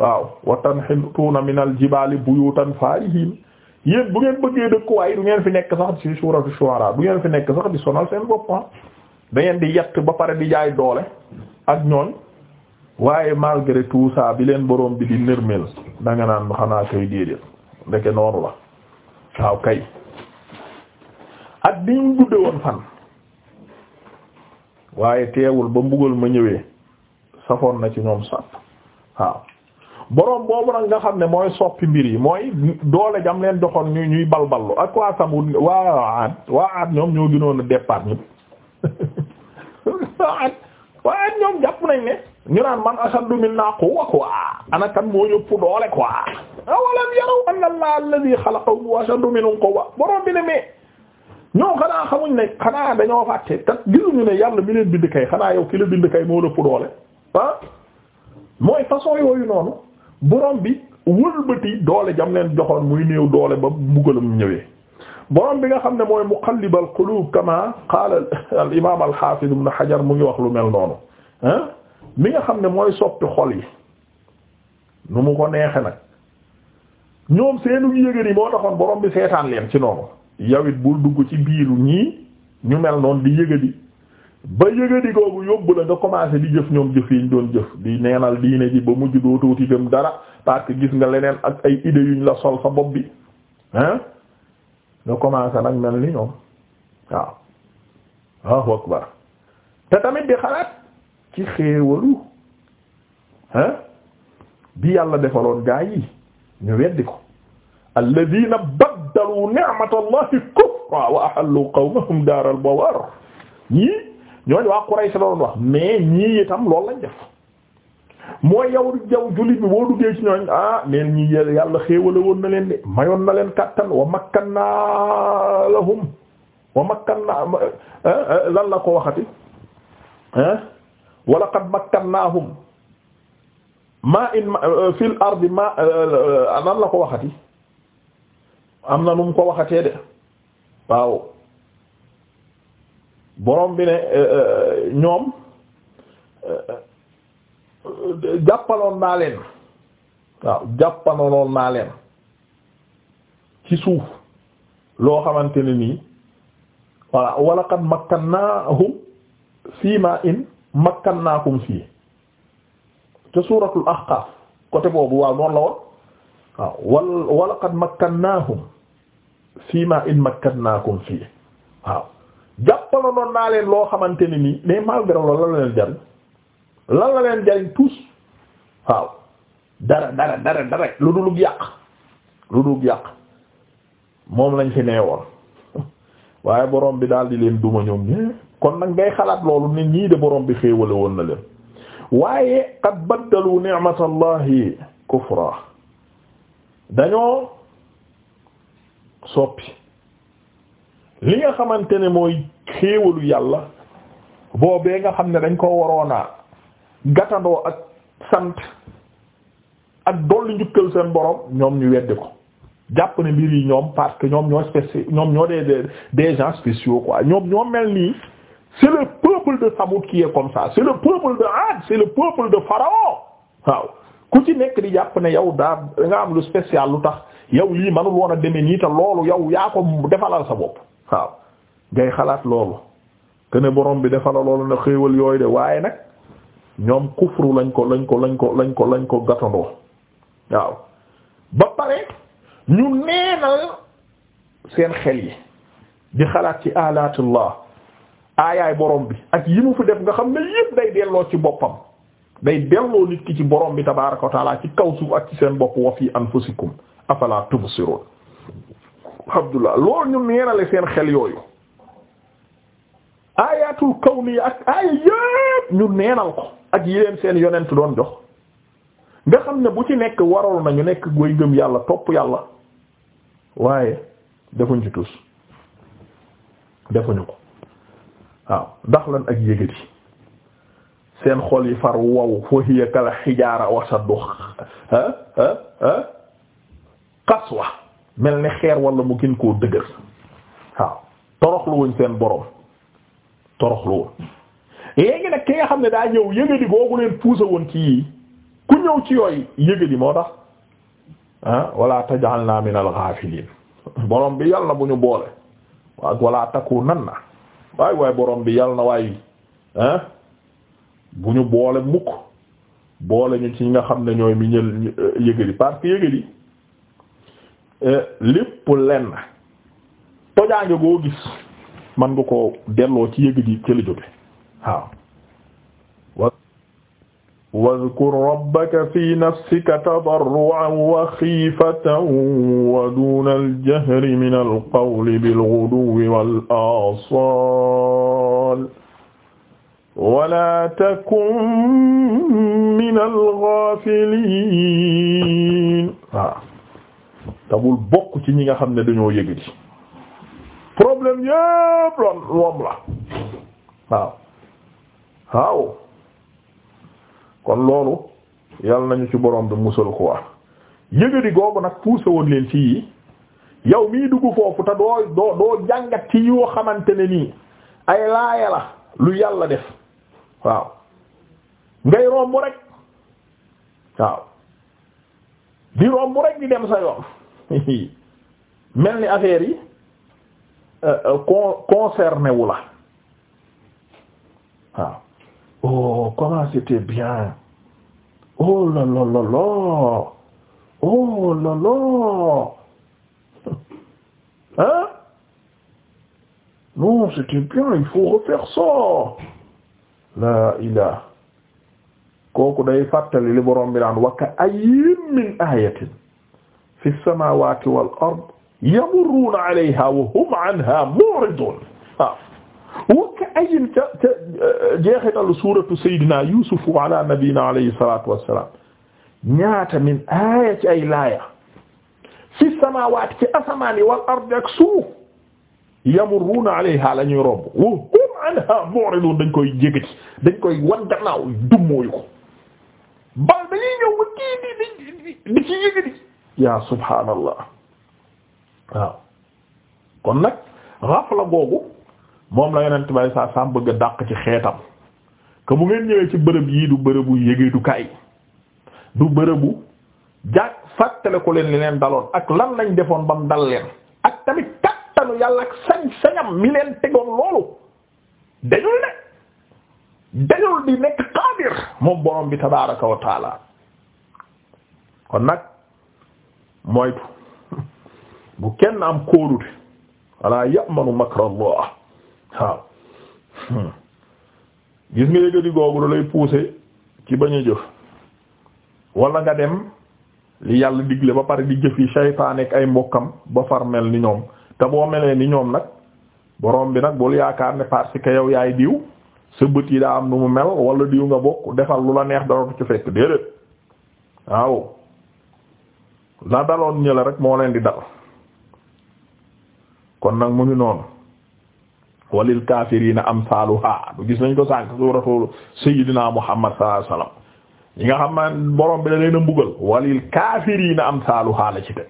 waaw wa tanhituuna minal jibaali buyuutan faa'ihiin yéen bu ngeen bëggee dëkkuwaay du ngeen fi nekk sax ci suuratu Shu'araa du ngeen fi nekk sax di sonal seen boppa ah, da di yett ba pare di jaay doole ak ñooñ waaye malgré tout ça bi leen borom bi di nërmeel da nga naan xanaa koy déedéet ndeke noonu la waaw kay ak ni ñu gudde woon fan. waaye teewul ba mbugal ma ñëwee safoon na ci ñoom sàpp waaw boroom boobu nag nga xam ne mooy soppi mbir yi mooy doole jam leen joxoon ñu ñuy balballu ak waa Samud waa waa Aad ñoom ñoo gënoon a départ ñëpp [LAUGHS] waa ñoom jàpp nañ ne ñu naan man ashaddu minna quwwa quoi ana kan moo ñëpp doole quoi awalam yaraw anna Allaha alladhi khalaqahum ashaddu minhum quwwa boroom bi ne mais ñoom xanaa xamuñ ne xanaa dañoo fàtte te gisuñu ne yàlla mi leen bind kay xanaa yow ki la bind kay moo la ëpp doole ah mooy façon yooyu noonu borom bi wëlbati doole jam leen joxoon muy néew doole ba mbugalum ñëwee borom bi nga xam ne mooy muqallibal qulub kama qaala al imaam al hafiz ibn hajar mu ngi wax lu mel noonu ah nga xam ne mooy soppi xol yi nu mu ko neexe nag ñoom seenu yëgër yi moo taxoon borom bi seetaan leen ci noonu yawit bul dugg ci biiru ñii ñu mel noonu di yëgadi ba yëgadi googu yóbbu la nga commencé di jëf ñoom jëf yi ñu doon jëf di neenal diine ji ba mujj dootooci gëm dara parce que gis nga leneen ak ay yu ñu la sol sa bopp bi hein nga commencé nag mel ni ñoom waaw waaw akbar te tamit di xalaat ci xéewalu hein bi yàlla defaloon gaa yi ñu weddi ko alladina ba baddalu ni'matallahi kufra wa ahallu qawmahum daaral bawar ñii ñooñu waa Quraysh la wax mais ñii itam loolu lañ def mooy yow jaw jullit bi boo duggee ci ñooñ ah neen ñi yàlla xéewale woon na leen de mayoon na leen kàttan wa makkanna lahum wa makkanna eh, eh, lan la ko waxati ah wa laqad makkannahum ma in fil ardi ma lan la ko waxati am na nu mu ko waxatee de waaw borom bi ne eh, eh, ñoom eh, jàppaloon naa leen waaw jàppaloon naa leen ci suuf loo xamante ne nii voilà wa laqad makkannahum fii ma in makkannakum fii te suuratul ahqaaf côté boobu waaw noonu la woon waaw wal wa laqad makkannahum fiima in makkannaakum fii waaw jàppala noonu naa leen loo xamante ni nii mais malgré loolu la leen jariñ lan la leen jariñ tous waaw dara dara dara dara lu dulug yàq lu dulug yàq moom lañ fi neewoon [LAUGHS] waaye borom bi daal di leen duma ñoom ñi kon nag ngay xalaat loolu nit ñii de borom bi xéewale woon na leen waaye qad baddalu ni'matallahi kufra dañoo soppi li nga xamante ne mooy xéewalu yàlla boobee nga xam ne dañ ko waroona gatandoo ak sant ak dolli njukkal seen borom ñoom ñu weddi ko jàpp ne mbir yi ñoom parce que ñoom ñoo spécial ñoom ñoo dee des gens spéciaux quoi ñoom ñoo mel nii c'est le peuple de Samoud qui comme ça c'est le peuple de Ad c'est le peuple de Pharaon waaw ku ci nekk di jàpp ne yow daa nga am lu spécial lu tax yow lii manul woon a demee nii te loolu yow yaa ko defalal sa bopp waaw ngay xalaat loolu te ne borom bi defalal loolu na xéewal yooyu de waaye nag ñoom kufru lañ ko lañ ko lañ ko lañ ko lañ ko gatandoo waaw ba pare ñu neenal seen xel yi di xalaat ci alaatullah aayaay borom bi ak yi mu fi def nga xam ne yépp day delloo ci boppam day delloo nit ki ci borom bi tabaaraka wa taala ci kaw suuf ak ci seen bopp wa fi anfusikum afala tubsirun alhamdulillah loolu ñu neerale seen xel yooyu ayatul kawni ak aaya yépp ñu neenal ko ak yi leen seen yonent doon jox nga xam ne bu ci nekk waroon nañu nekk goy gëm yàlla topp yàlla waaye defuñ ci tus defuñu ko waaw ndax lan ak yëgati seen xol yi far wow fa hiya kal xijaara wasadu ha ha ha qaswa mel ni xeer wala mu gën koo dëgër waaw toroxlu wuñ seen borom toroxlu woon léegi nag ki nga xam ne daa ñëw yëgadi googu leen puusa woon ci yii ku ñëw ci yooyu yëgadi moo tax ah wala naa min al borom bi yàlla bu ñu boole waaw wala takunanna waay waay borom bi yàlla na waay ah bu ñu boole mukk boole ñu ci nga xam ne ñooy mi ñël yëgadi parce yëgadi Euh, lépp lenn tojaange goo gis man nga ko delloo ci yëg ji cëli jóge waaw wazkur rabbaka fi nafsika tadarru'an wa xiifatan wa duna aljahri min alqawli bilghuduwwi wal aasaal wala takun min alghafilin waaw te bokk ci ñi nga xam ne dañoo yëgati problème yëpp lool moom la waaw waaw kon loolu yàlla nañu ci boroom bi musal ko wax yëgati googu nag puuse woon leen ci yi yow mii dugg foofu te doo doo doo jàngat ci yoo xamante ne nii ay laaya la lu yàlla def waaw ngay romb rek waaw di romb rek di dem sa yoon [LAUGHS] mel ni affaire yi euh, euh, con wu la waaw oh comment c'était bien oh là là là oh là là [LAUGHS] hein non c'était bien il faut refaire ça la ilah kooku day fàttali li borom bi daan wakka ayyin min ayatin fi samawati wal ard yamurruuna alayha wa hum anha mu'ridun waaw wakka ayin ca ca euh, jeexital suuratu sayyidina Yuusuf wa ala nabiyyina alayhi salaatu wa salaam ñaata min aaya ci ay laaya fi samaawaati ci asamaani wal ardi ak suuf yamurruuna alayha la ñuy romb wa hum anha mu'ridun dañ koy jégati dañ koy wan gannaaw dummóoyu ko bal dañuy ñëw ba kii di di di ci yégati yaa subhaanallah waaw kon nag xafla googu moom la yonent bay saa saa bëgg dàq ci xeetam que bu ngeen ñëwee ci bërëb yii du bërëbu yëgeetukaay du bërëbu jàkk fàttale ko leen li leen daloon ak lan lañ defoon ba mu dal leen ak tamit kattanu yàlla ak sañ-sañam mi leen tegoon loolu dañul ne dañul di nekk qaadir moom borom bi tabaaraka wa kon nag moytu bu kenn am kóolute wala ya'manu makrallah waaw hmm. gis nga yëgadi googu da lay pousser ci bañ a jëf walla nga dem li yàlla digle ba pare di jëf yi saytaane ak ay mbokkam ba far mel ni ñoom te boo melee ni ñoom nag boroom bi nag bul yaakaar ne parce que yow yaay diw sa bët yi daa am nu mu mel wala diw nga bokk defal lu la neex dara ci fekk déedéet waaw la daloon ñëla rek moo leen di dal kon nag mu ngi noonu walil kaafiriina amsaaluhaa du gis nañ ko sànk suuratu sayyidina Muhammad sallallahu alayhi nga xam ne borom bi da leen a mbugal walil kaafiriina amsaaluhaa la ci teg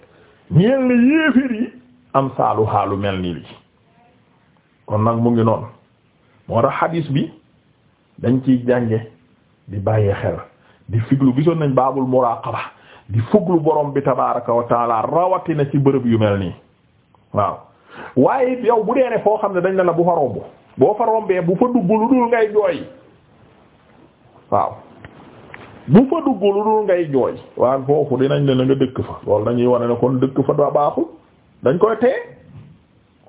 ñeel ne yéefir yi amsaaluhaa lu mel nii li kon nag mu ngi noonu moo tax xadiis bi dañ ciy jànge di bàyyi xel di figlu gisoon nañ baabul muraaqaba di fuglu borom bi tabaraka wa taala rawatina ci bërëb yu mel nii waaw waaye yow bu dee ne foo xam ne dañ ne la bu fa romb boo fa rombee bu fa dugg lu dul ngay jooy waaw foofu dinañ la nga dëkk fa loolu dañuy wane ne kon dëkk fa baaxul dañ koy teye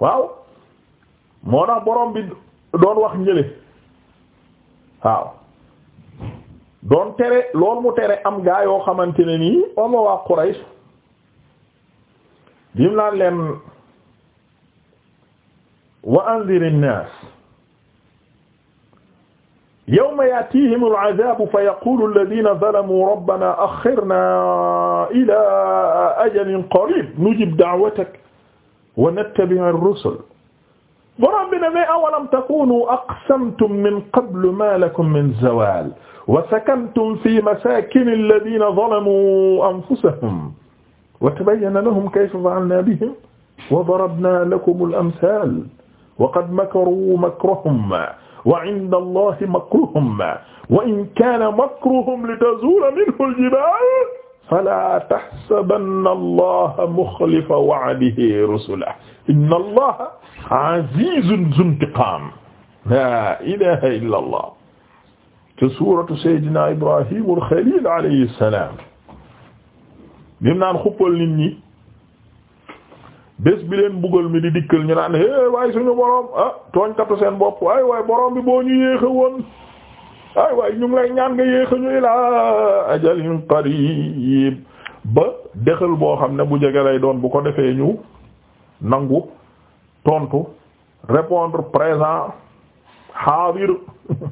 waaw moo tax borom bi doon wax njële waaw doon tere loolu mu tere am gaa yoo xamante ne nii oma waa Quraysh bim naan leen wa anziri nnaas yawma ya'tiihim al-'azaabu fa yaquulu allaziina zalamuu rabbanaa axxirnaa ilaa ajalin qariib nujib da'watak wa nattabi' ar-rusul borom bi ne mais awalam takuunuu aqsamtum min qablu maa lakum min zawaal wa sakantum fi masakini alladhina zalamu anfusahum wa tabayyana lahum kayfa fa'alna bihim wa darabna lakum al-amthal wa qad makaru makrahum wa 'inda allahi makruhum wa in kana makruhum litazula minhu al-jibal fala tahsabanna allaha mukhlifa wa'dihi rusulahu inna allaha 'azizun dhu intiqam la ilaha illa allah te suuratu Seydina Ibrahimul Xaliil alayhi salaam bi naan xuppal nit ñi bés bi leen mbugal mi di dikkal ñu naan é waaye suñu boroom ah tooñkatu seen bopp ay waay boroom bi boo ñu yéexa woon ay waay ñu ngi lay ñaan nga yéexa ñu ilaa ajalin qariib ba dexal boo xam ne bu jege lay doon bu ko defee ñu nangu tontu répondre présent xaadir [LAUGHS]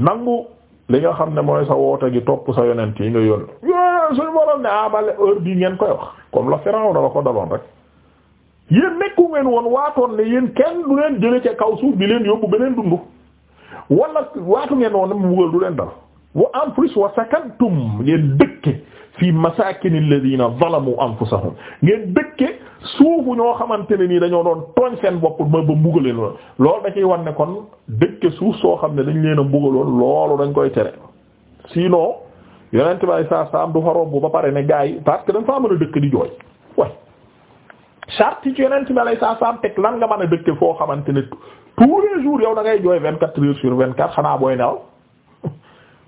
nangu li nga xam ne mooy sa woote gi topp sa yonent yi nga yónni suñu borom ne ah bale bii ngeen koy wax comme la Firawna dala ko daloon rek yéen nekku ngeen woon waatoon ne yéen kenn du leen jële ca kaw suuf bi leen yóbbu beneen dund wala waatu ngeen woon ne mu bugal du leen dal wa en plus wa sakantum ngeen dëkke fi masakin alladhina zalamu anfusahum ngeen dëkke suufu ñoo xamante ne nii dañoo doon tooñ seen bopp ma ba mbugaleen lool da ciy wan ne kon suuf soo xam ne dañ leen a mbugaloon loolu dañ koy tere sinon yonent bay saa saam du fa romb ba pare ne gars yi parce que dañ faa mën a dëkk di jooy way charte ci yonent bi alay teg lan nga mën a dëkke foo xamante ni tous les jours yow da jooy vingt quatre heures sur vingt quatre xanaa booy nelaw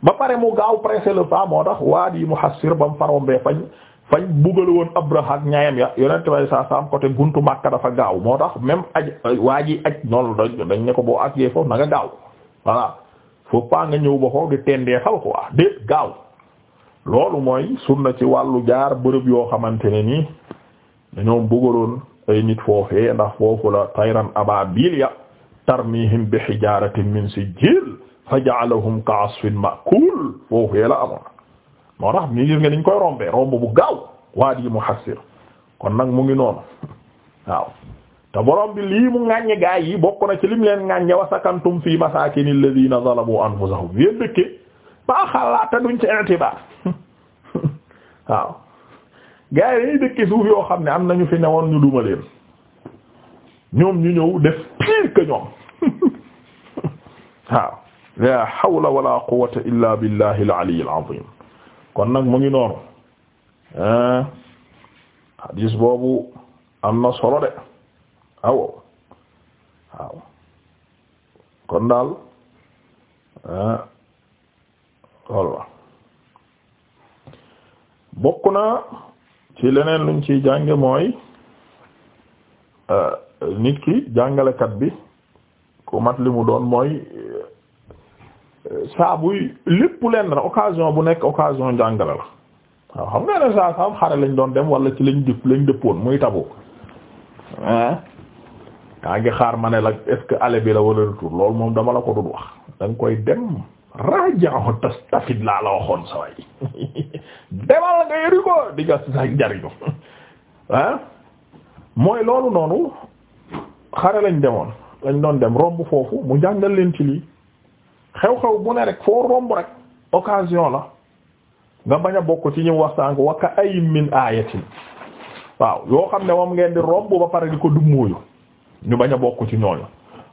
ba pare mu gaaw pressé le pas moo tax waadi muhassir ba mu farombee fañ fañ bugal woon Abraha ak ñaayam ya yonent way saa saam côté buntu Makka dafa gaaw moo tax même aj waa ji aj noonu dañ dañ ne ko boo ajee foofu na nga gaaw voilà faut pas nga ñëw ba foofu di ko quoi déet gaaw loolu mooy sunna ci wàllu jaar bërëb yoo xamante ne nii dañoo bugaloon ay nit foofee ndax foofu la tayran ababil ya tarmihim bi hijaratin min sijil fa ja'alahum ka'asfin ma'kul foofu yee la amoon moo tax ñu gis nga niñ rombee romb bu gaaw waadi muhassir kon nag mu ngi noonu waaw te borom bi lii mu ŋàññe gaay yi bokk na ci lim leen ŋàññe wa sakantum fi masakini alladhina zalamu anfusahum yéen dëkke ba xalaata duñ ci i'tibar [LAUGHS] waaw gaay yi dañuy dëkke suuf yoo xam ne am nañu fi newoon ñu duma leen ñoom ñu ñëw def pire que ñoom [LAUGHS] waaw la hawla wala quwwata illa billahi al-ali al-azim kon nag mu ngi noonu ah, hadis boobu am na solo de ah, daal walla ah, na ci leneen luñ ciy jànge mooy nit ki jàngalekat bi ku mat li mu doon mooy saa buy lépp lenn la occasion bu nekk occasion jàngale la waaw xam nga ne saa saam xare lañ doon dem wala ci lañ dëpp lañ dëppoon muy Tabuk ah kaa ngi xaar ma ne la est-ce que aller bi la wala retour loolu moom dama la ko dul wax da koy dem rajaahu tastafid laa la waxoon sa way [LAUGHS] demal nga yëri ko di nga sa jariñu ah [LAUGHS] mooy loolu noonu xare lañ demoon lañ doon dem romb foofu mu jàngal leen ci xew-xew bu ne rek foo romb rek occasion la nga bañ a bokk ci ñu wax sànk wakka ay min ayatin waaw yoo xam ne moom ngeen di romb ba pare di ko dummóoyu ñu bañ a bokk ci ñooñu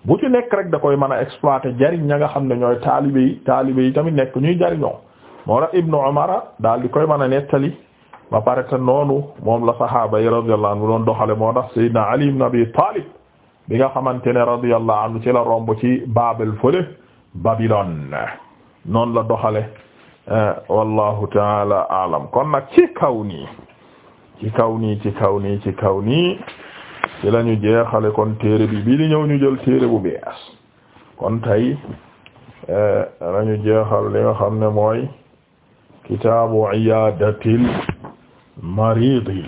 bu ci nekk rek da koy mën a exploiter jariñ ña nga xam ne ñooy taalibe yi taalibe yi tamit nekk ñuy jariñoo moo tax Ibnu Umar daal di koy mën a nettali ba pare te noonu moom la sahaaba yi radiyallahu anhu doon doxale moo tax Seydina Ali ibn Abi Talib bi nga xamante ne radiyallahu ci la romb ci Baabel fële Babylone noonu la doxale eh, wallahu taala alam kon nag ci kaw nii ci kaw nii ci kaw nii ci kaw nii ci jeexale kon téere bi bii di ñëw ñu jël téere bu bees kon tey rañu eh, jeexal li nga xam ne mooy kitaabu iyaadatil maridi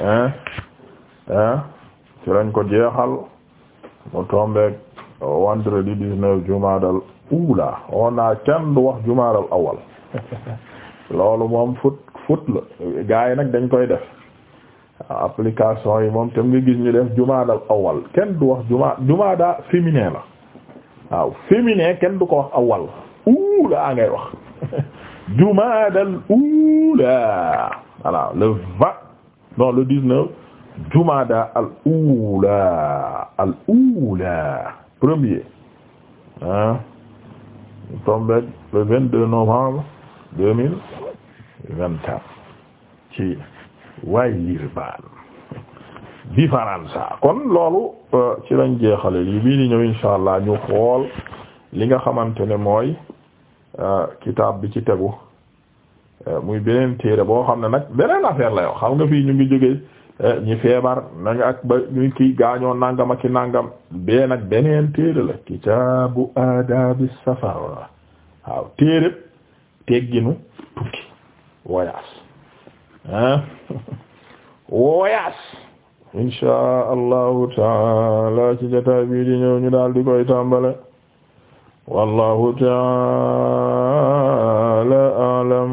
hein eh, hein ci lañ ko jeexal mu tombeek vendredi 19 jumaadal ula on a kenn du wax jumaadal awal loolu moom fut fut la gaa yi nag dañ koy def application yi moom tam nga gis ñu def jumaadal awal kenn du wax juma féminin la waaw féminin kenn du ko wax awal ula ngay wax [LAUGHS] jumaadal ula voilà le vingt non le dix-neuf jumaada al ula al ula premier tombe le 22 novembre 2024 ci Villeurbanne bi France kon loolu euh, ci lañ jeexale lii bii di ñëw insha allah ñu xool li nga xamante ne mooy euh, kitaab bi ci tegu euh, muy beneen téere boo xam ne nag beneen affaire la yoo xam nga fii ñu ngi jógee Eh, ñi feebar nanga ak ba ñu ki gaañoo nangam ak ki nangam bee nag beneen téere la kitaabu aadaabi safar waaw téere tegginu tukki voyage ah [LAUGHS] voyage insha allahu taala ci jotaay bi di ñëw ñu daal di koy tàmbale wallahu taala alam